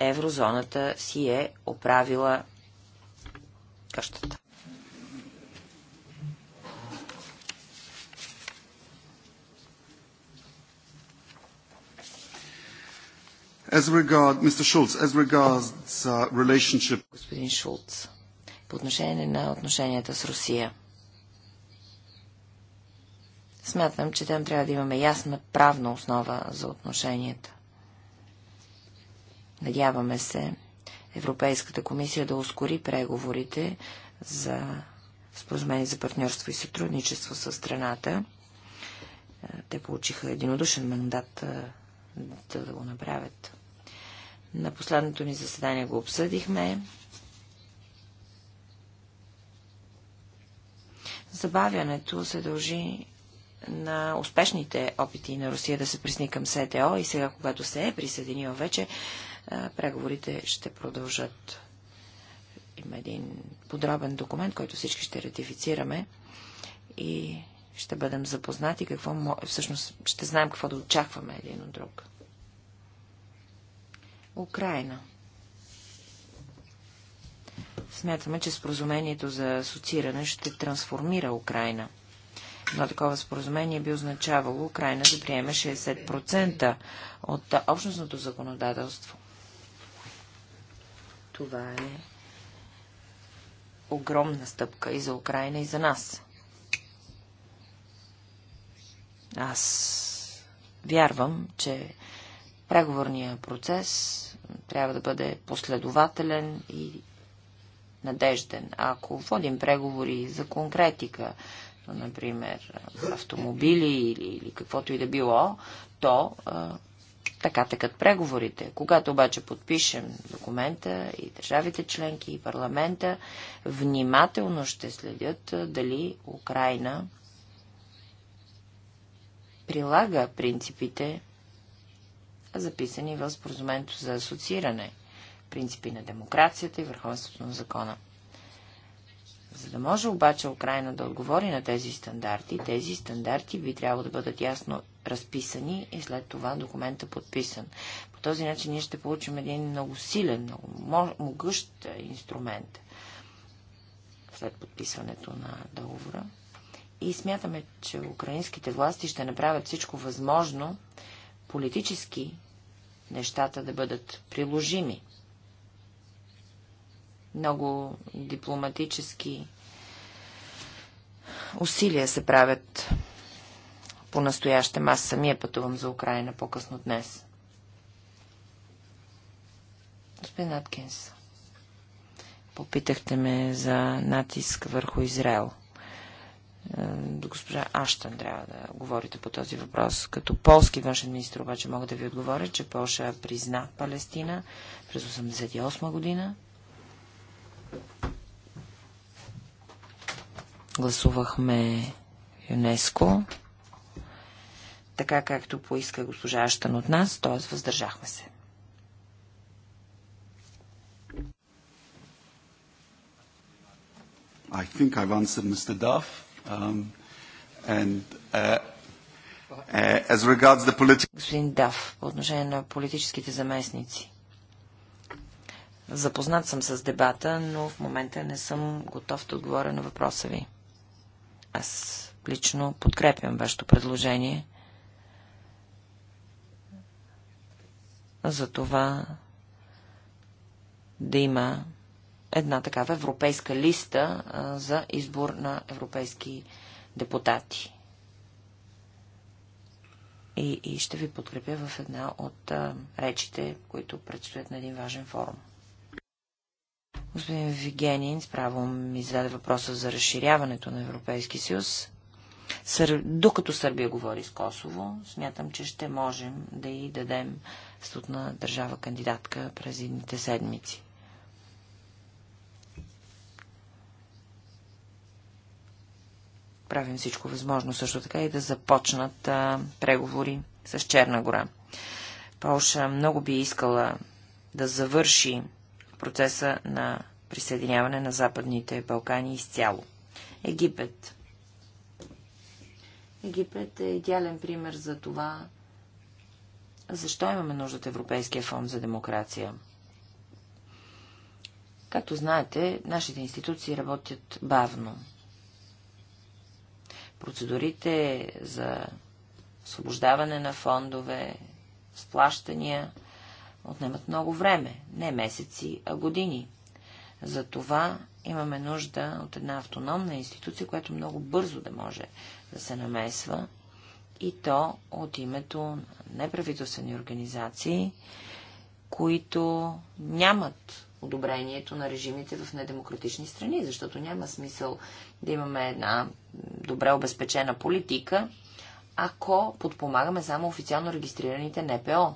Speaker 2: еврозоната си е оправила
Speaker 3: къщата. As
Speaker 2: regard, Mr. Schultz, as regards uh, relationship... Господин Шулц, по отношение на отношенията с Русия – Смятам, че там трябва да имаме ясна правна основа за отношенията. Надяваме се Европейската комисия да ускори преговорите за споразумение за партньорство и сътрудничество с страната. Е, те получиха единодушен мандат е, да го направят. На последното ни заседание го обсъдихме. Забавянето се дължи на успешните опити на Русия да се присни към СТО и сега, когато се е присъединила вече, преговорите ще продължат. Има един подробен документ, който всички ще ратифицираме и ще бъдем запознати какво всъщност ще знаем какво да очакваме един от друг. Украина. Смятаме, че споразумението за асоцииране ще трансформира Украина – едно такова споразумение би означавало Украина да приеме 60% от общностното законодателство. Това е огромна стъпка и за Украина, и за нас. Аз вярвам, че преговорният процес трябва да бъде последователен и надежден. Ако водим преговори за конкретика, например, автомобили или, или каквото и да било, то а, така текат преговорите. Когато обаче подпишем документа и държавите членки и парламента, внимателно ще следят дали Украина прилага принципите, записани в споразумението за асоцииране, принципи на демокрацията и върховенството на закона. За да може обаче Украина да отговори на тези стандарти, тези стандарти би трябвало да бъдат ясно разписани и след това документа подписан. По този начин ние ще получим един много силен, много могъщ е, инструмент след подписването на договора. И смятаме, че украинските власти ще направят всичко възможно политически нещата да бъдат приложими. Много дипломатически усилия се правят по-настоящем. Аз самия пътувам за Украина по-късно днес. Господин Аткинс, попитахте ме за натиск върху Израел. Е, до госпожа Аштан трябва да говорите по този въпрос. Като полски външен министр обаче мога да ви отговоря, че Польша призна Палестина през 1988 година Гласувахме ЮНЕСКО, така както поиска госпожа Аштан от нас, т.е. въздържахме се. I think I've answered Mr. Duff. Um, and uh, uh, as regards the political... Господин Дав, по отношение на политическите заместници. Запознат съм с дебата, но в момента не съм готов да отговоря на въпроса ви. Аз лично подкрепям вашето предложение. За това да има една такава европейска листа за избор на европейски депутати. И, и ще ви подкрепя в една от а, речите, които предстоят на един важен форум. Господин Вигенин справо ми зададе въпроса за разширяването на Европейски съюз. Сър... Докато Сърбия говори с Косово, смятам, че ще можем да й дадем статут държава кандидатка през едните седмици. Правим всичко възможно също така и да започнат а, преговори с Черна гора. Полша много би искала да завърши процеса на присъединяване на Западните Балкани изцяло. Египет. Египет е идеален пример за това, защо имаме нужда от Европейския фонд за демокрация. Както знаете, нашите институции работят бавно. Процедурите за освобождаване на фондове, сплащания – отнемат много време, не месеци, а години. Затова имаме нужда от една автономна институция, която много бързо да може да се намесва и то от името на неправителствени организации, които нямат одобрението на режимите в недемократични страни, защото няма смисъл да имаме една добре обезпечена политика, ако подпомагаме само официално регистрираните НПО.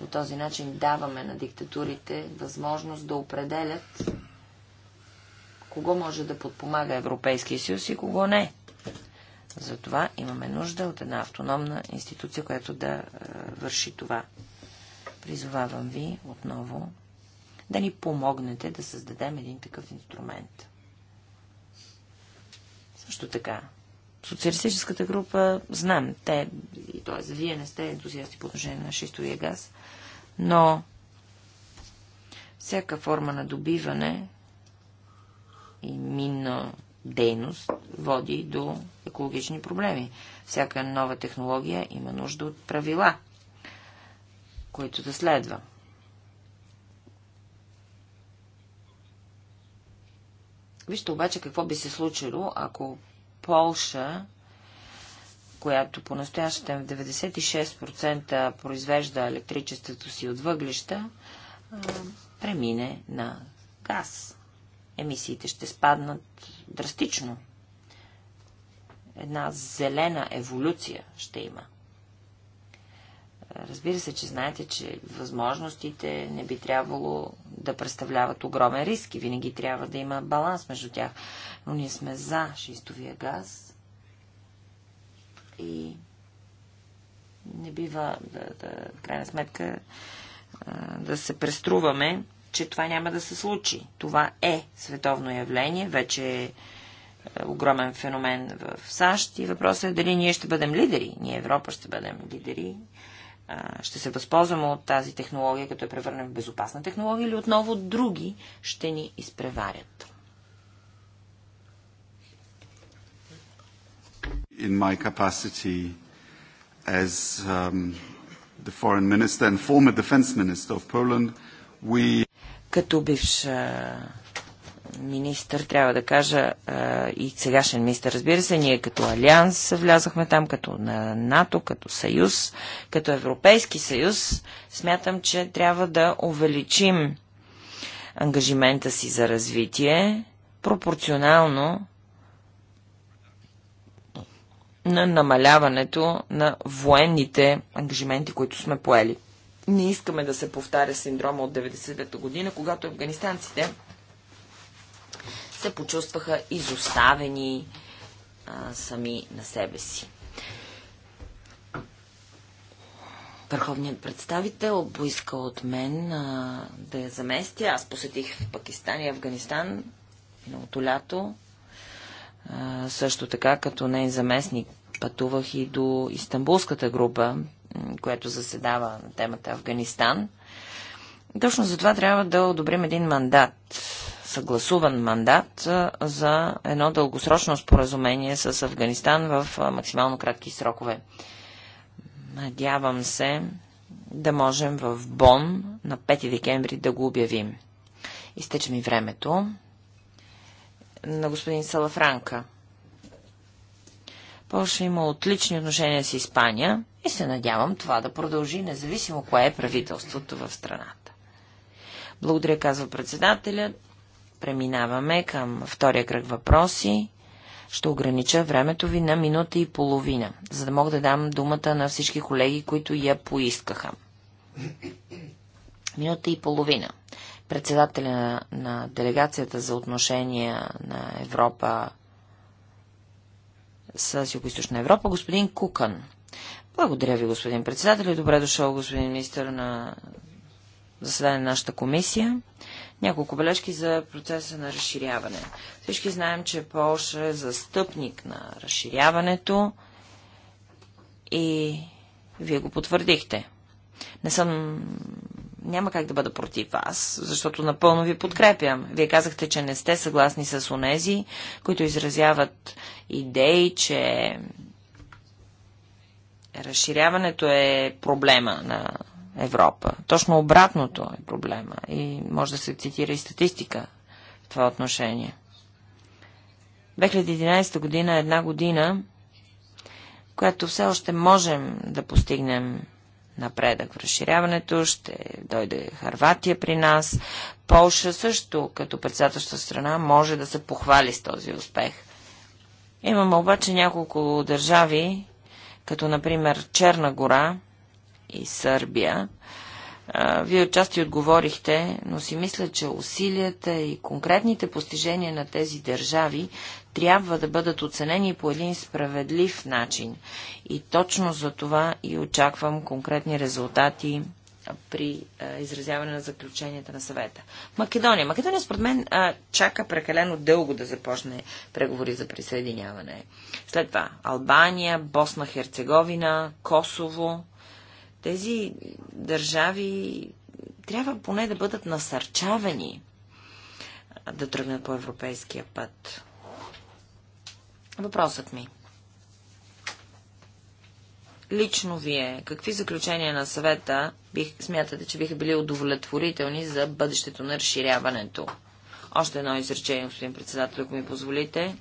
Speaker 2: По този начин даваме на диктатурите възможност да определят кого може да подпомага Европейския съюз и кого не. Затова имаме нужда от една автономна институция, която да е, върши това. Призовавам ви отново да ни помогнете да създадем един такъв инструмент. Също така, социалистическата група, знам, те, т.е. вие не сте ентузиасти по отношение на шистовия газ, но всяка форма на добиване и минна дейност води до екологични проблеми. Всяка нова технология има нужда от правила, които да следва. Вижте обаче какво би се случило, ако Полша която по-настоящем в 96% произвежда електричеството си от въглища, премине на газ. Емисиите ще спаднат драстично. Една зелена еволюция ще има. Разбира се, че знаете, че възможностите не би трябвало да представляват огромен риск и винаги трябва да има баланс между тях. Но ние сме за шистовия газ, и не бива, да, да, в крайна сметка, да се преструваме, че това няма да се случи. Това е световно явление, вече е, е огромен феномен в САЩ и въпросът е дали ние ще бъдем лидери. Ние, Европа, ще бъдем лидери. Ще се възползваме от тази технология, като я превърнем в безопасна технология или отново други ще ни изпреварят. in my capacity as um, the foreign minister and former defense minister of Poland, we... Като бивш министър, трябва да кажа, и сегашен министър, разбира се, ние като Алианс влязахме там, като на НАТО, като Съюз, като Европейски съюз. Смятам, че трябва да увеличим ангажимента си за развитие пропорционално на намаляването на военните ангажименти, които сме поели. Не искаме да се повтаря синдрома от 90-та година, когато афганистанците се почувстваха изоставени а, сами на себе си. Върховният представител поиска от мен а, да я заместя. Аз посетих Пакистан и Афганистан миналото лято също така, като нейн заместник пътувах и до Истанбулската група, която заседава на темата Афганистан. Точно за това трябва да одобрим един мандат, съгласуван мандат за едно дългосрочно споразумение с Афганистан в максимално кратки срокове. Надявам се да можем в Бон на 5 декември да го обявим. Изтече ми времето на господин Салафранка. Польша има отлични отношения с Испания и се надявам това да продължи, независимо кое е правителството в страната. Благодаря, казва председателя. Преминаваме към втория кръг въпроси. Ще огранича времето ви на минута и половина, за да мога да дам думата на всички колеги, които я поискаха. Минута и половина председателя на делегацията за отношения на Европа с Юго-Источна Европа, господин Кукан. Благодаря ви, господин председател. и Добре дошъл, господин министр, на заседание на нашата комисия. Няколко бележки за процеса на разширяване. Всички знаем, че Польша е застъпник на разширяването и вие го потвърдихте. Не съм няма как да бъда против вас, защото напълно ви подкрепям. Вие казахте, че не сте съгласни с онези, които изразяват идеи, че разширяването е проблема на Европа. Точно обратното е проблема. И може да се цитира и статистика в това отношение. 2011 година е една година, която все още можем да постигнем напредък в разширяването, ще дойде Харватия при нас. Полша също, като председателство страна, може да се похвали с този успех. Имаме обаче няколко държави, като например Черна гора и Сърбия, вие отчасти отговорихте, но си мисля, че усилията и конкретните постижения на тези държави трябва да бъдат оценени по един справедлив начин. И точно за това и очаквам конкретни резултати при а, изразяване на заключенията на съвета. Македония. Македония, според мен, а, чака прекалено дълго да започне преговори за присъединяване. След това Албания, Босна, Херцеговина, Косово. Тези държави трябва поне да бъдат насърчавани да тръгнат по европейския път. Въпросът ми. Лично вие, какви заключения на съвета бих, смятате, че биха били удовлетворителни за бъдещето на разширяването? Още едно изречение, господин председател, ако ми позволите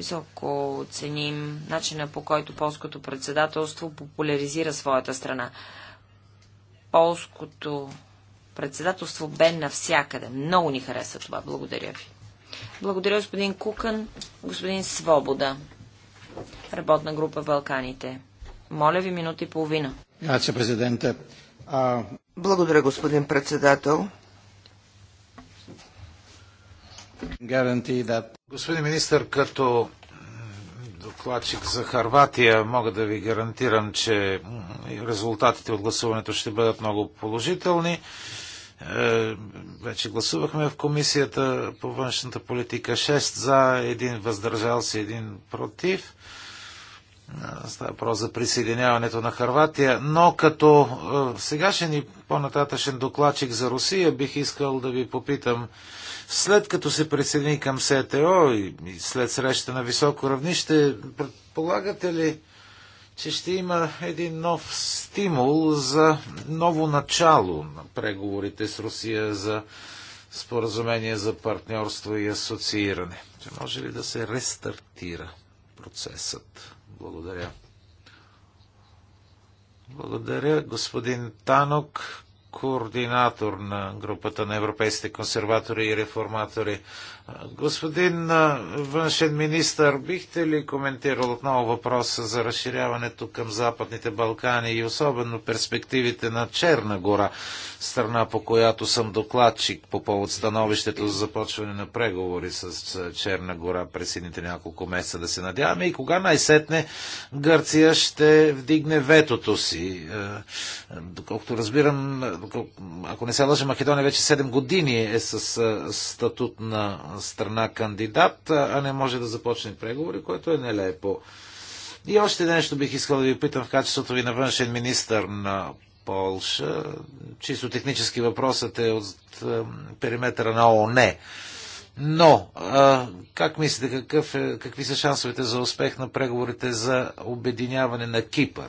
Speaker 2: високо ценим начина по който полското председателство популяризира своята страна. Полското председателство бе навсякъде. Много ни хареса това. Благодаря ви. Благодаря господин Кукън, господин Свобода, работна група Балканите. Моля ви минути и половина.
Speaker 4: Благодаря, господин председател. Господин министр, като докладчик за Харватия, мога да ви гарантирам, че резултатите от гласуването ще бъдат много положителни. Е, вече гласувахме в комисията по външната политика 6 за, един въздържал се, един против. Е, става въпрос за присъединяването на Харватия, но като е, сегашен и по-нататъчен докладчик за Русия бих искал да ви попитам след като се присъедини към СТО и след среща на високо равнище, предполагате ли, че ще има един нов стимул за ново начало на преговорите с Русия за споразумение за партньорство и асоцииране? Че може ли да се рестартира процесът? Благодаря. Благодаря, господин Танок координатор на групата на европейските консерватори и реформатори. Господин външен министр, бихте ли коментирал отново въпроса за разширяването към Западните Балкани и особено перспективите на Черна гора, страна по която съм докладчик по повод становището за започване на преговори с Черна гора през едните няколко месеца да се надяваме и кога най-сетне Гърция ще вдигне ветото си. Доколкото разбирам, ако не се лъжа, Македония вече 7 години е с статут на страна кандидат, а не може да започне преговори, което е нелепо. И още нещо бих искал да ви питам в качеството ви на външен министр на Полша. Чисто технически въпросът е от е, периметъра на ООН. Но, а, как мислите, какъв е, какви са шансовете за успех на преговорите за обединяване на Кипър?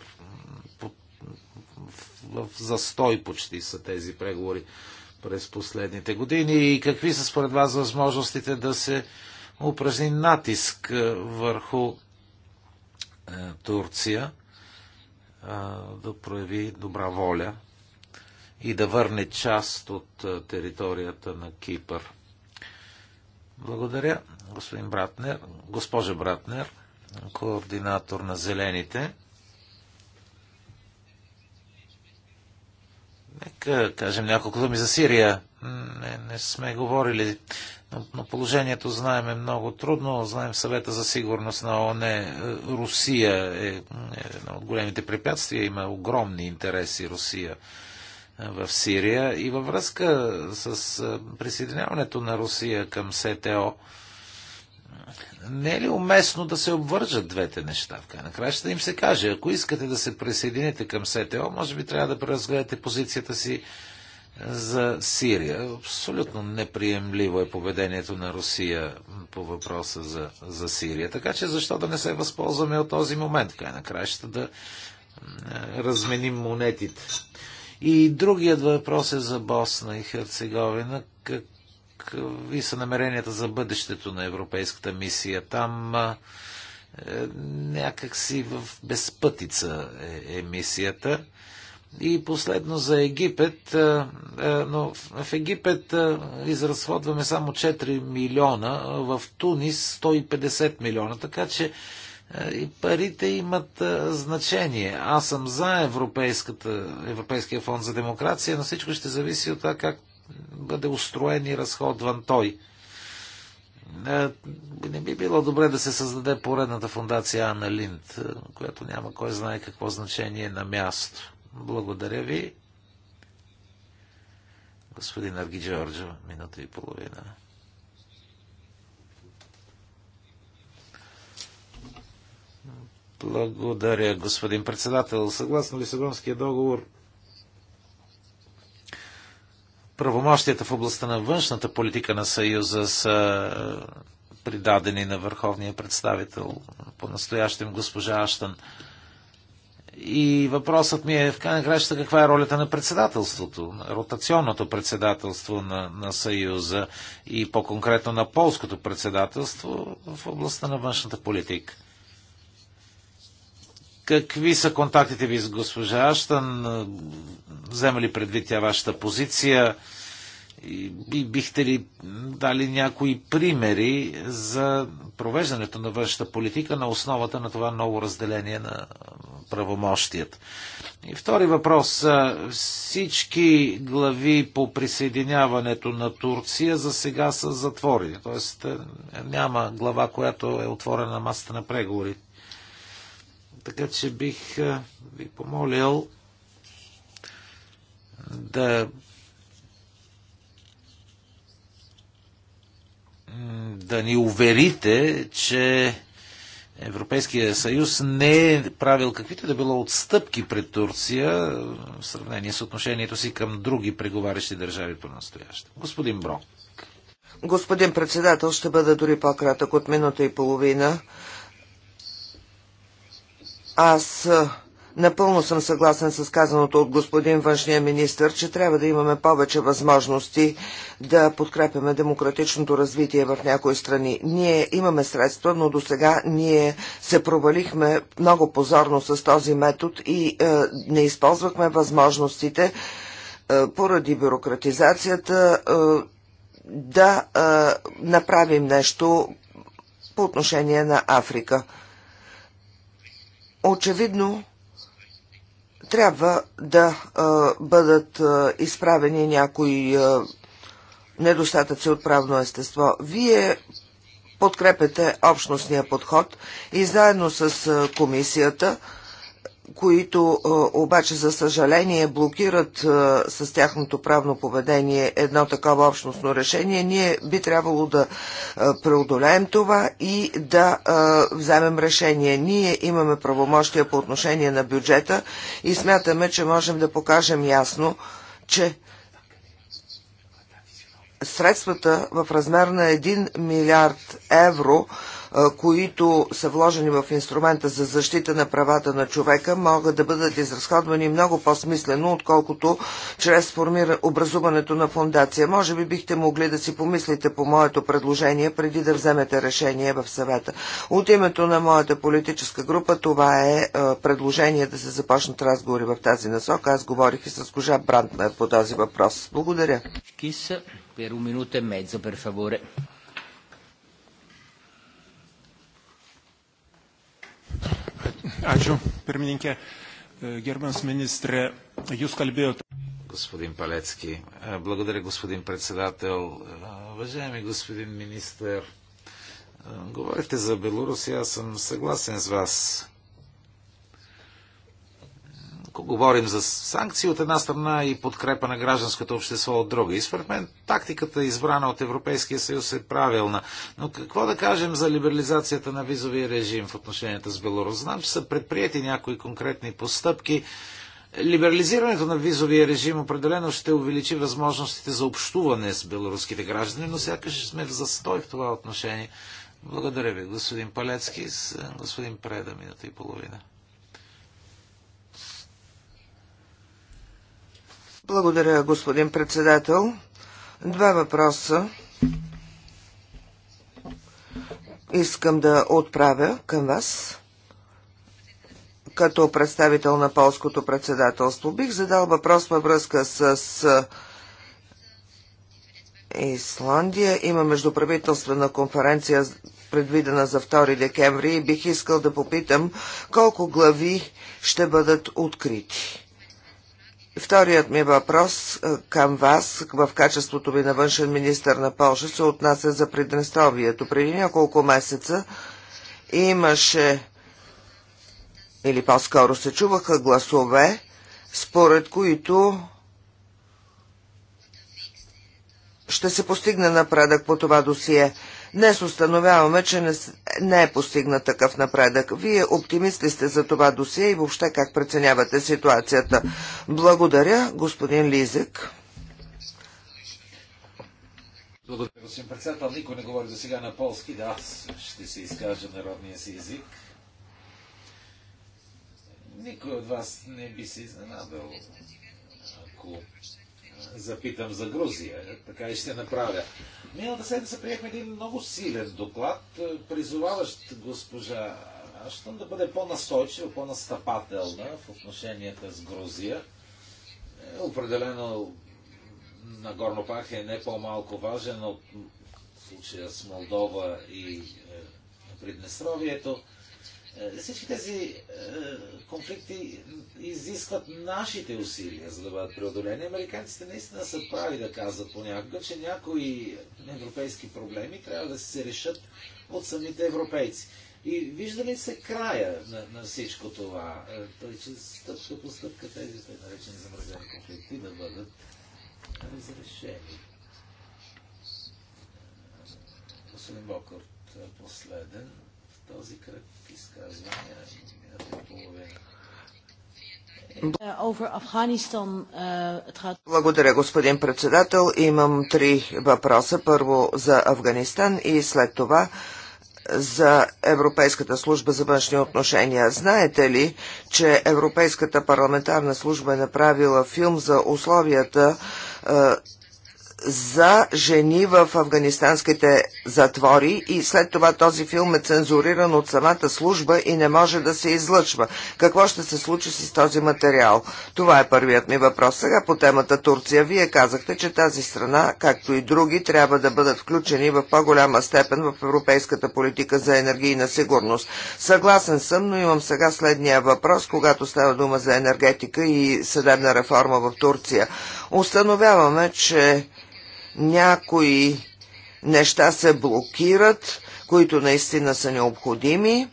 Speaker 4: В застой почти са тези преговори през последните години и какви са според вас възможностите да се упражни натиск е, върху е, Турция е, да прояви добра воля и да върне част от територията на Кипър. Благодаря, господин Братнер, госпожа Братнер, координатор на Зелените. Нека кажем няколко думи за Сирия. Не, не сме говорили, но, но положението знаем е много трудно. Знаем съвета за сигурност на ОНЕ Русия е, е едно от големите препятствия. Има огромни интереси Русия е, в Сирия. И във връзка с е, присъединяването на Русия към СТО, не е ли уместно да се обвържат двете неща? В край края ще им се каже, ако искате да се присъедините към СТО, може би трябва да преразгледате позицията си е, за Сирия. Абсолютно неприемливо е поведението на Русия по въпроса за, за Сирия. Така че защо да не се възползваме от този момент? край на ще да е, разменим монетите. И другият въпрос е за Босна и Херцеговина. Как какви са намеренията за бъдещето на Европейската мисия? Там е, някак някакси в безпътица е, е мисията. И последно за Египет, но в Египет изразходваме само 4 милиона, в Тунис 150 милиона, така че и парите имат значение. Аз съм за Европейската, Европейския фонд за демокрация, но всичко ще зависи от това как бъде устроен и разходван той. Е, не би било добре да се създаде поредната фундация Ана Линд, е, която няма кой знае какво значение на място. Благодаря ви. Господин Арги Джорджо, минута и половина. Благодаря, господин председател. Съгласно Лисабонския договор, правомощията в областта на външната политика на Съюза са е, придадени на върховния представител по-настоящем госпожа Аштан. И въпросът ми е в крайна краща каква е ролята на председателството, ротационното председателство на, на Съюза и по-конкретно на полското председателство в областта на външната политика. Какви са контактите ви с госпожа Аштан? Взема ли предвид тя вашата позиция? И бихте ли дали някои примери за провеждането на външната политика на основата на това ново разделение на правомощият? И втори въпрос. Всички глави по присъединяването на Турция за сега са затворени. Тоест е, няма глава, която е отворена на масата на преговори. Така че бих ви помолил да да ни уверите, че Европейския съюз не е правил каквито да било отстъпки пред Турция в сравнение с отношението си към други преговарящи държави по настояще. Господин Брок.
Speaker 3: Господин председател, ще бъда дори по-кратък от минута и половина. Аз напълно съм съгласен с казаното от господин външния министр, че трябва да имаме повече възможности да подкрепяме демократичното развитие в някои страни. Ние имаме средства, но до сега ние се провалихме много позорно с този метод и е, не използвахме възможностите е, поради бюрократизацията е, да е, направим нещо по отношение на Африка очевидно трябва да а, бъдат а, изправени някои а, недостатъци от правно естество. Вие подкрепете общностния подход и заедно с комисията а, които обаче за съжаление блокират с тяхното правно поведение едно такова общностно решение, ние би трябвало да преодолеем това и да вземем решение. Ние имаме правомощия по отношение на бюджета и смятаме, че можем да покажем ясно, че средствата в размер на 1 милиард евро – които са вложени в инструмента за защита на правата на човека, могат да бъдат изразходвани много по-смислено, отколкото чрез формира образуването на фундация. Може би бихте могли да си помислите по моето предложение, преди да вземете решение в съвета. От името на моята политическа група това е предложение да се започнат разговори в тази насока. Аз говорих и с кожа Брантнер по този въпрос. Благодаря. per un minuto e mezzo,
Speaker 4: per favore. Ačiū, pirmininkė. E, gerbiamas министре, jūs kalbėjote. Господин Палецки. Е, благодаря, господин председател. Е, уважаеми господин министр, е, говорите за Белорусия, аз съм съгласен с вас говорим за санкции от една страна и подкрепа на гражданското общество от друга. И според мен тактиката, избрана от Европейския съюз, е правилна. Но какво да кажем за либерализацията на визовия режим в отношенията с Беларус? Знам, че са предприяти някои конкретни постъпки. Либерализирането на визовия режим определено ще увеличи възможностите за общуване с беларуските граждани, но сякаш сме в застой в това отношение. Благодаря ви, господин Палецки, с господин Преда, минута и половина.
Speaker 3: Благодаря, господин председател. Два въпроса искам да отправя към вас като представител на полското председателство. Бих задал въпрос във връзка с Исландия. Има междуправителствена конференция предвидена за 2 декември и бих искал да попитам колко глави ще бъдат открити. Вторият ми въпрос е, към вас в качеството ви на външен министр на Польша се отнася за Приднестровието. Преди няколко месеца имаше или по-скоро се чуваха гласове, според които ще се постигне напредък по това досие. Днес установяваме, че не, не е постигнат такъв напредък. Вие оптимист ли сте за това досие и въобще как преценявате ситуацията? Благодаря, господин Лизек.
Speaker 4: Благодаря, господин председател. Никой не говори за сега на полски, да, аз ще се изкажа народния си език. Никой от вас не би се изненадал, ако запитам за Грузия. Така и ще направя. Миналата седмица приехме един много силен доклад, е, призоваващ госпожа Аштон да бъде по-настойчива, по-настъпателна в отношенията с Грузия. Е, определено Нагорно Пах е не по-малко важен от случая с Молдова и е, Приднестровието. Е, всички тези е, конфликти изискват нашите усилия, за да бъдат преодолени. Американците наистина са прави да казват понякога, че някои европейски проблеми трябва да се решат от самите европейци. И вижда ли се края на, на всичко това? Е, той, че стъпка по стъпка тези тъй наречени замразени конфликти да бъдат разрешени. Господин Бокорт, последен този кръг изказвания мината и половина. Е, е,
Speaker 3: Благодаря, господин председател. Имам три въпроса. Първо за Афганистан и след това за Европейската служба за външни отношения. Знаете ли, че Европейската парламентарна служба е направила филм за условията е, за жени в афганистанските затвори и след това този филм е цензуриран от самата служба и не може да се излъчва. Какво ще се случи с този материал? Това е първият ми въпрос. Сега по темата Турция. Вие казахте, че тази страна, както и други, трябва да бъдат включени в по-голяма степен в европейската политика за енергийна сигурност. Съгласен съм, но имам сега следния въпрос, когато става дума за енергетика и съдебна реформа в Турция. Установяваме, че някои неща се блокират, които наистина са необходими.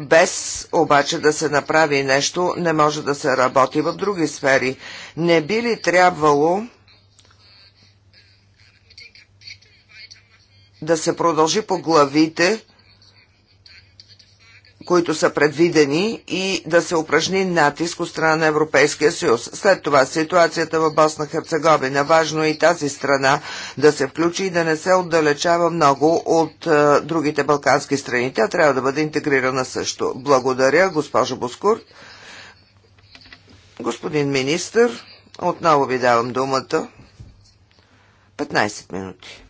Speaker 3: Без обаче да се направи нещо, не може да се работи в други сфери. Не би ли трябвало да се продължи по главите които са предвидени и да се упражни натиск от страна на Европейския съюз. След това ситуацията в Босна Херцеговина. Важно е и тази страна да се включи и да не се отдалечава много от е, другите балкански страни. Тя трябва да бъде интегрирана също. Благодаря, госпожо Боскурт. Господин министр, отново ви давам думата. 15 минути.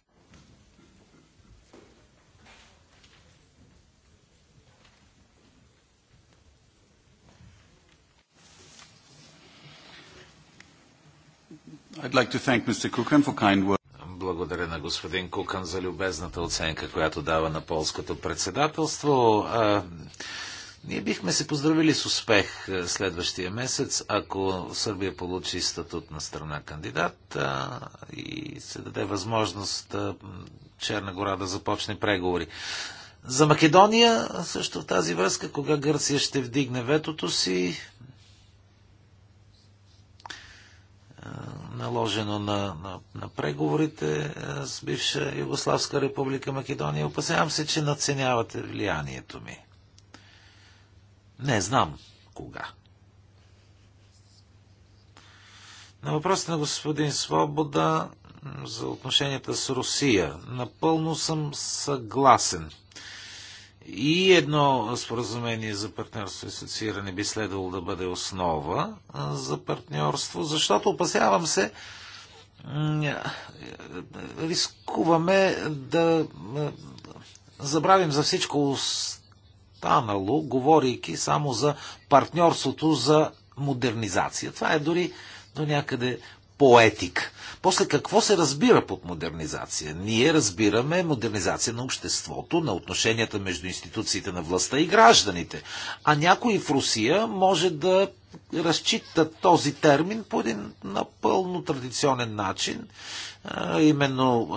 Speaker 4: Благодаря на господин Кукан за любезната оценка, която дава на полското председателство. Ние бихме се поздравили с успех следващия месец, ако Сърбия получи статут на страна кандидат и се даде възможност Черна гора да започне преговори. За Македония, също в тази връзка, кога Гърция ще вдигне ветото си, наложено на, на, на преговорите е, с бивша Югославска република Македония. Опасявам се, че надценявате влиянието ми. Не знам кога. На въпроса на господин Свобода за отношенията с Русия. Напълно съм съгласен. И едно споразумение за партньорство и асоцииране би следвало да бъде основа за партньорство, защото опасявам се, е, е, рискуваме да е, забравим за всичко останало, говорейки само за партньорството за модернизация. Това е дори до някъде поетик. После какво се разбира под модернизация? Ние разбираме модернизация на обществото, на отношенията между институциите на властта и гражданите. А някой в Русия може да разчитат този термин по един напълно традиционен начин, именно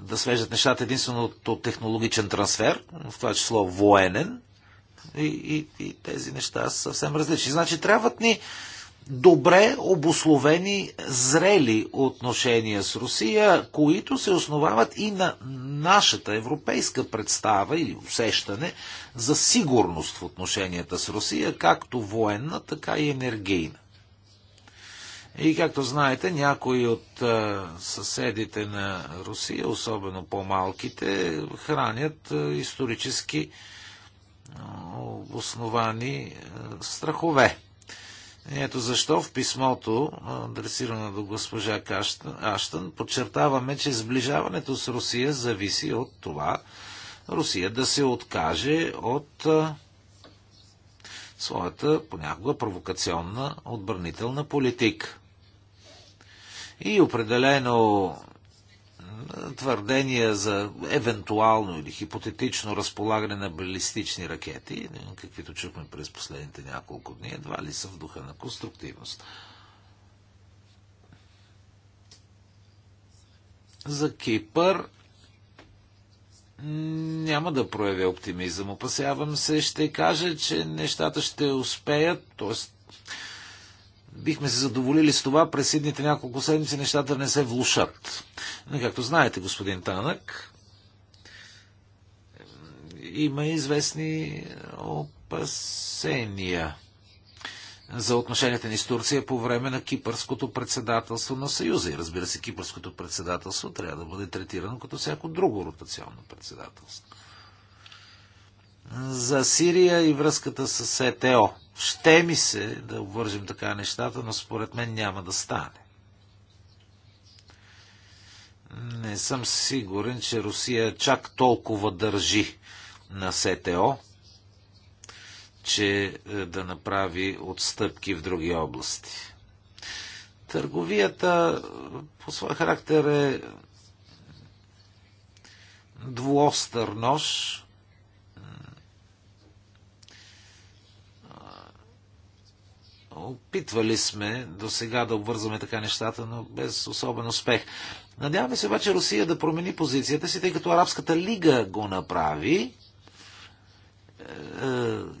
Speaker 4: да свежат нещата единствено от технологичен трансфер, в това число военен, и, и, и тези неща са съвсем различни. Значи трябват ни добре обословени, зрели отношения с Русия, които се основават и на нашата европейска представа или усещане за сигурност в отношенията с Русия, както военна, така и енергийна. И както знаете, някои от съседите на Русия, особено по-малките, хранят исторически основани страхове. Ето защо в писмото, адресирано до госпожа Аштън, подчертаваме, че сближаването с Русия зависи от това Русия да се откаже от своята понякога провокационна отбранителна политика. И определено твърдения за евентуално или хипотетично разполагане на балистични ракети, каквито чухме през последните няколко дни, едва ли са в духа на конструктивност. За Кипър няма да проявя оптимизъм. Опасявам се, ще кажа, че нещата ще успеят, т.е бихме се задоволили с това през едните няколко седмици нещата не се влушат. Но, както знаете, господин Танък, има известни опасения за отношенията ни с Турция по време на кипърското председателство на Съюза. И разбира се, кипърското председателство трябва да бъде третирано като всяко друго ротационно председателство за Сирия и връзката с ЕТО. Ще ми се да обвържим така нещата, но според мен няма да стане. Не съм сигурен, че Русия чак толкова държи на СТО, че е, да направи отстъпки в други области. Търговията е, по своя характер е двуостър нож – Опитвали сме до сега да обвързваме така нещата, но без особен успех. Надяваме се обаче Русия да промени позицията си, тъй като Арабската лига го направи е,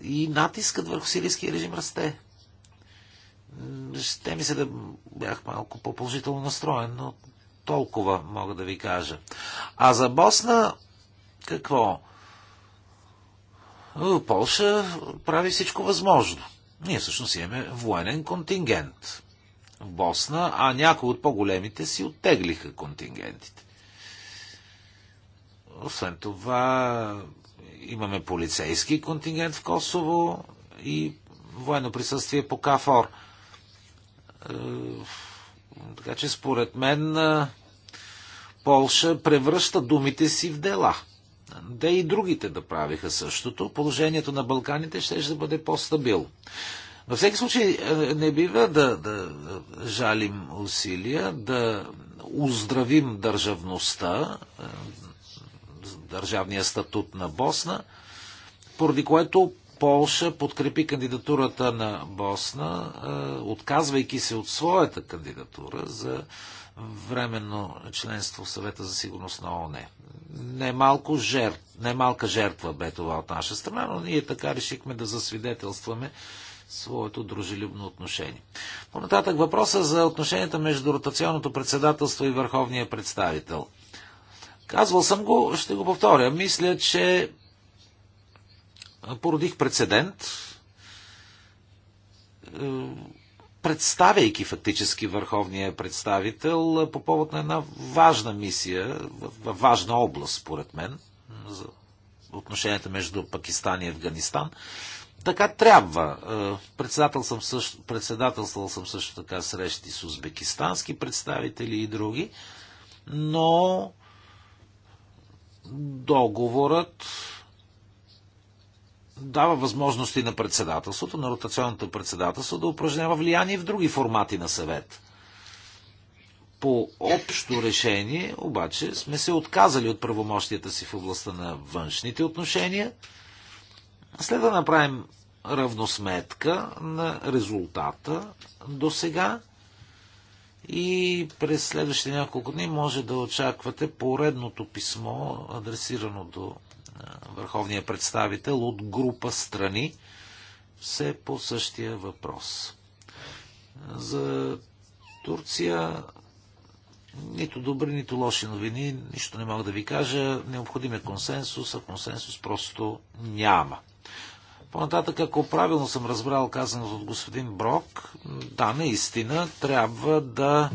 Speaker 4: и натискът върху сирийския режим расте. Ще ми се да бях малко по-положително настроен, но толкова мога да ви кажа. А за Босна какво? Полша прави всичко възможно. Ние всъщност имаме военен контингент в Босна, а някои от по-големите си оттеглиха контингентите. Освен това, имаме полицейски контингент в Косово и военно присъствие по КАФОР. Е, така че, според мен, е, Полша превръща думите си в дела – да и другите да правиха същото, положението на Балканите ще, ще бъде по-стабилно. Във всеки случай е, не бива да, да жалим усилия да оздравим държавността, е, държавния статут на Босна, поради което Полша подкрепи кандидатурата на Босна, е, отказвайки се от своята кандидатура за временно членство в съвета за сигурност на ООН. Немалко жертв, немалка жертва бе това от наша страна, но ние така решихме да засвидетелстваме своето дружелюбно отношение. Понататък въпроса за отношенията между ротационното председателство и върховния представител. Казвал съм го, ще го повторя. Мисля, че породих прецедент е, представяйки фактически върховния представител по повод на една важна мисия, важна област, според мен, за отношенията между Пакистан и Афганистан. Така трябва. Председател съм също, председателствал съм също така срещи с узбекистански представители и други, но договорът дава възможности на председателството, на ротационното председателство да упражнява влияние в други формати на съвет. По общо решение, обаче, сме се отказали от правомощията си в областта на външните отношения, след да направим равносметка на резултата до сега и през следващите няколко дни може да очаквате поредното писмо, адресирано до върховния представител от група страни, все по същия въпрос. За Турция нито добри, нито лоши новини, нищо не мога да ви кажа. Необходим е консенсус, а консенсус просто няма. По-нататък, ако правилно съм разбрал казаното от господин Брок, да, наистина трябва да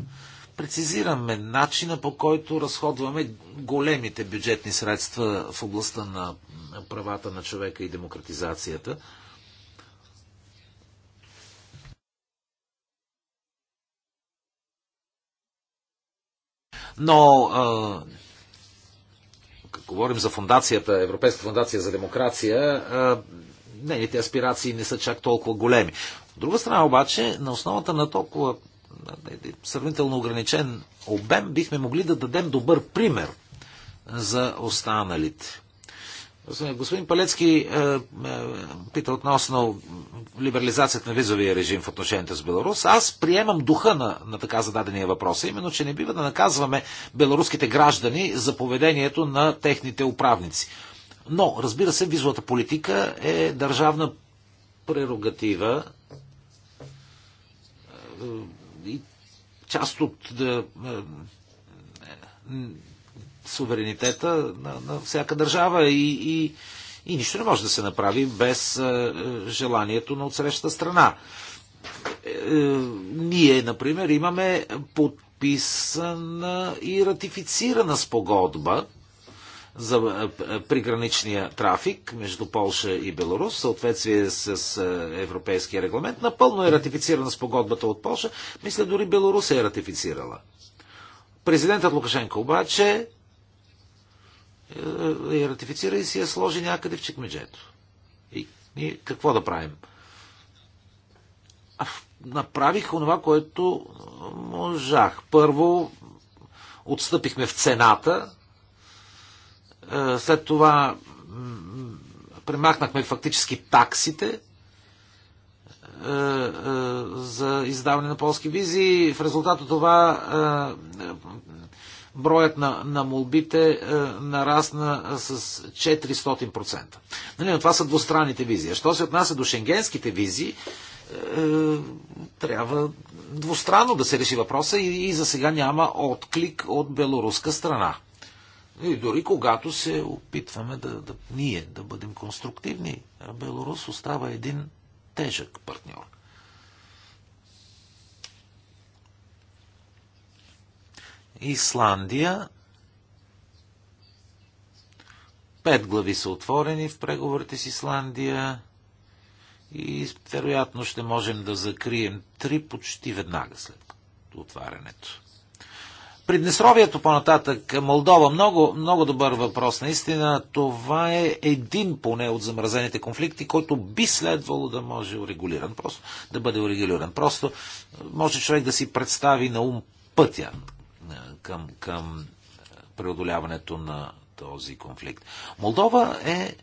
Speaker 4: прецизираме начина по който разходваме големите бюджетни средства в областта на правата на човека и демократизацията. Но а, като говорим за фундацията, Европейска фундация за демокрация, нейните аспирации не са чак толкова големи. От друга страна обаче, на основата на толкова сравнително ограничен обем, бихме могли да дадем добър пример за останалите. Господин Палецки е, е, пита относно либерализацията на визовия режим в отношенията с Беларус. Аз приемам духа на, на така зададения въпрос, именно, че не бива да наказваме беларуските граждани за поведението на техните управници. Но, разбира се, визовата политика е държавна прерогатива е, част от суверенитета на, на всяка държава и, и, и нищо не може да се направи без желанието на отсреща страна. Е, е, ние, например, имаме подписана и ратифицирана спогодба за е, е, приграничния трафик между Полша и Беларус в съответствие с е, европейския регламент. Напълно е ратифицирана с погодбата от Полша. Мисля, дори Беларус е ратифицирала. Президентът Лукашенко обаче я ратифицира и си я сложи някъде в чекмеджето. И ние какво да правим? направих онова, което можах. Първо, отстъпихме в цената е, след това премахнахме фактически таксите е, е, за издаване на полски визи. В резултат от това броят на, на молбите нарасна с 400%. Нали, но това са двустранните визи. А що се отнася до шенгенските визи, трябва двустранно да се реши въпроса и, и за сега няма отклик от белоруска страна. И дори когато се опитваме да, да, ние да бъдем конструктивни, Белорус остава един тежък партньор. Исландия. Пет глави са отворени в преговорите с Исландия и вероятно ще можем да закрием три почти веднага след отварянето. Приднестровието по-нататък, Молдова, много, много добър въпрос. Наистина това е един поне от замразените конфликти, който би следвало да може урегулиран, просто да бъде урегулиран. Просто може човек да си представи на ум пътя е, към, към е, преодоляването на този конфликт. Молдова е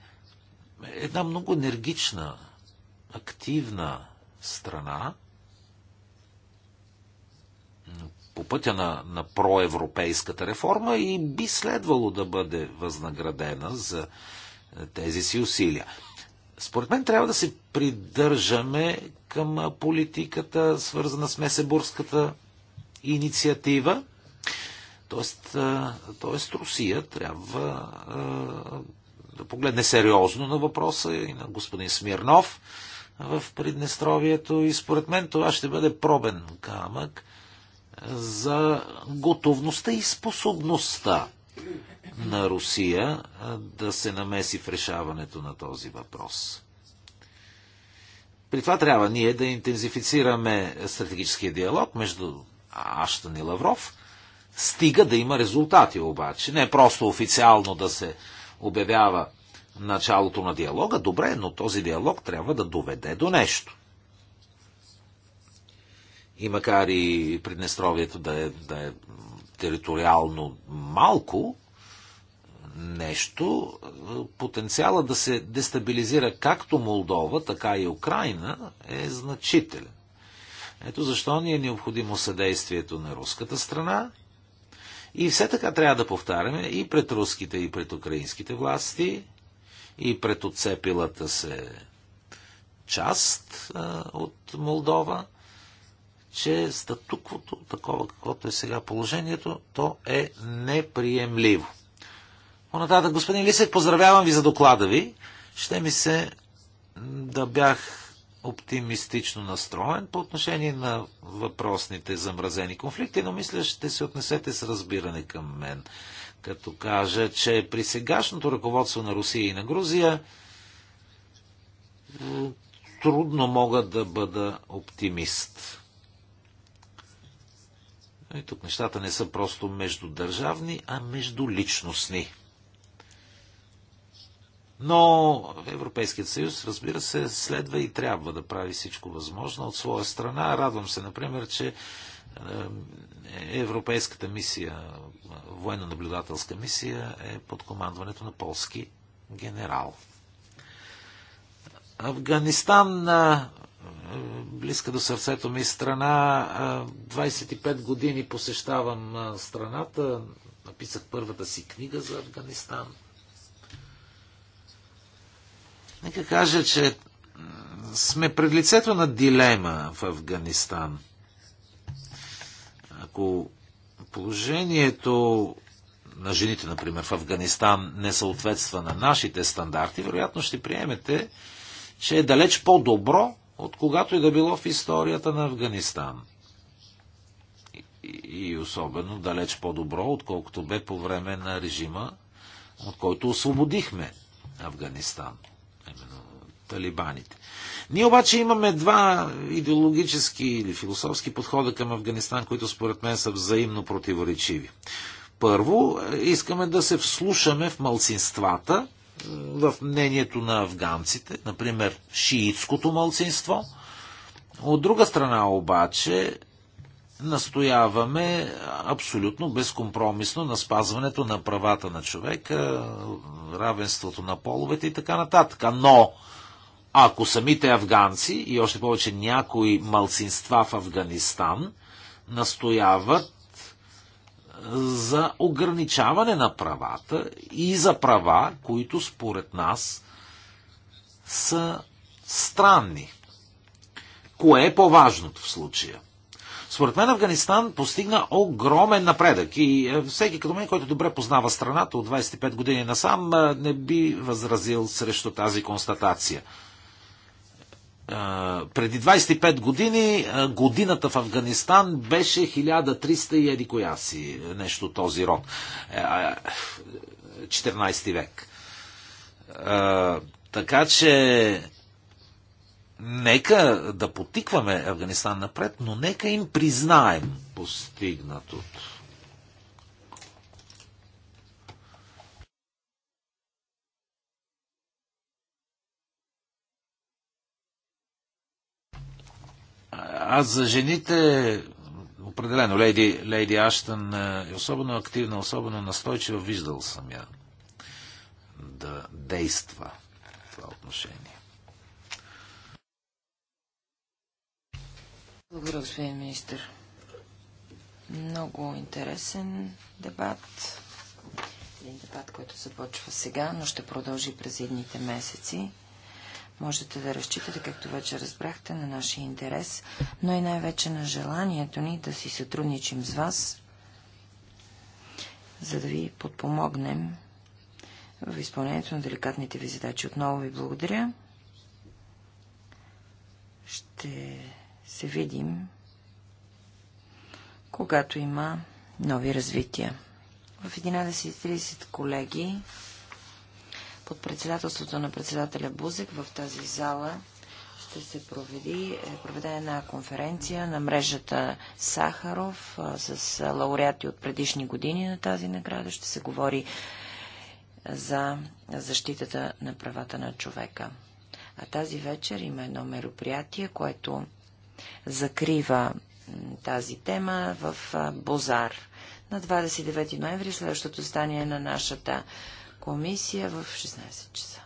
Speaker 4: една много енергична, активна страна, по пътя на, на проевропейската реформа и би следвало да бъде възнаградена за е, тези си усилия. Според мен трябва да се придържаме към политиката, свързана с Месебурската инициатива. Тоест, тоест Русия трябва да погледне сериозно на въпроса и на господин Смирнов в Приднестровието и според мен това ще бъде пробен камък за готовността и способността на Русия да се намеси в решаването на този въпрос. При това трябва ние да интензифицираме стратегическия диалог между Аштан и Лавров, стига да има резултати обаче. Не е просто официално да се обявява началото на диалога, добре, но този диалог трябва да доведе до нещо. И макар и Приднестровието да е, да е териториално малко нещо, потенциала да се дестабилизира както Молдова, така и Украина е значителен. Ето защо ни е необходимо съдействието на руската страна. И все така трябва да повтаряме и пред руските, и пред украинските власти, и пред отцепилата се част а, от Молдова – че статуквото, такова каквото е сега положението, то е неприемливо. Понататък, господин Лисек, поздравявам ви за доклада ви. Ще ми се да бях оптимистично настроен по отношение на въпросните замразени конфликти, но мисля, ще се отнесете с разбиране към мен, като кажа, че при сегашното ръководство на Русия и на Грузия трудно мога да бъда оптимист. И е, тук нещата не са просто междудържавни, а междуличностни. Но Европейският съюз, разбира се, следва и трябва да прави всичко възможно от своя страна. Радвам се, например, че е, Европейската мисия, военно-наблюдателска мисия е под командването на полски генерал. Афганистан близка до сърцето ми страна. 25 години посещавам страната. Написах първата си книга за Афганистан. Нека кажа, че сме пред лицето на дилема в Афганистан. Ако положението на жените, например, в Афганистан не съответства на нашите стандарти, вероятно ще приемете, че е далеч по-добро от когато и да било в историята на Афганистан. И особено далеч по-добро, отколкото бе по време на режима, от който освободихме Афганистан, именно талибаните. Ние обаче имаме два идеологически или философски подхода към Афганистан, които според мен са взаимно противоречиви. Първо, искаме да се вслушаме в малцинствата, в мнението на афганците, например шиитското мълцинство. От друга страна обаче настояваме абсолютно безкомпромисно на спазването на правата на човека, равенството на половете и така нататък. Но ако самите афганци и още повече някои малцинства в Афганистан настояват за ограничаване на правата и за права, които според нас са странни. Кое е по-важното в случая? Според мен Афганистан постигна огромен напредък и е, всеки като мен, който добре познава страната от 25 години насам, е, не би възразил срещу тази констатация преди 25 години годината в Афганистан беше 1300 и еди коя си, нещо този род. 14 е, век. Така че нека да потикваме Афганистан напред, но нека им признаем постигнатото. Аз за жените, определено, леди, леди Аштън е, е особено активна, особено настойчива, виждал съм я да действа в това отношение. Благодаря,
Speaker 2: господин министр. Много интересен дебат. Един дебат, който започва сега, но ще продължи през едните месеци. Можете да разчитате, както вече разбрахте, на нашия интерес, но и най-вече на желанието ни да си сътрудничим с вас, за да ви подпомогнем в изпълнението на деликатните ви задачи. Отново ви благодаря. Ще се видим, когато има нови развития. В 11.30, колеги, под председателството на председателя Бузек в тази зала ще се проведи, е, проведе една конференция на мрежата Сахаров с лауреати от предишни години на тази награда. Ще се говори за защитата на правата на човека. А тази вечер има едно мероприятие, което закрива тази тема в Бозар. На 29 ноември следващото стание на нашата комисия в 16 часа.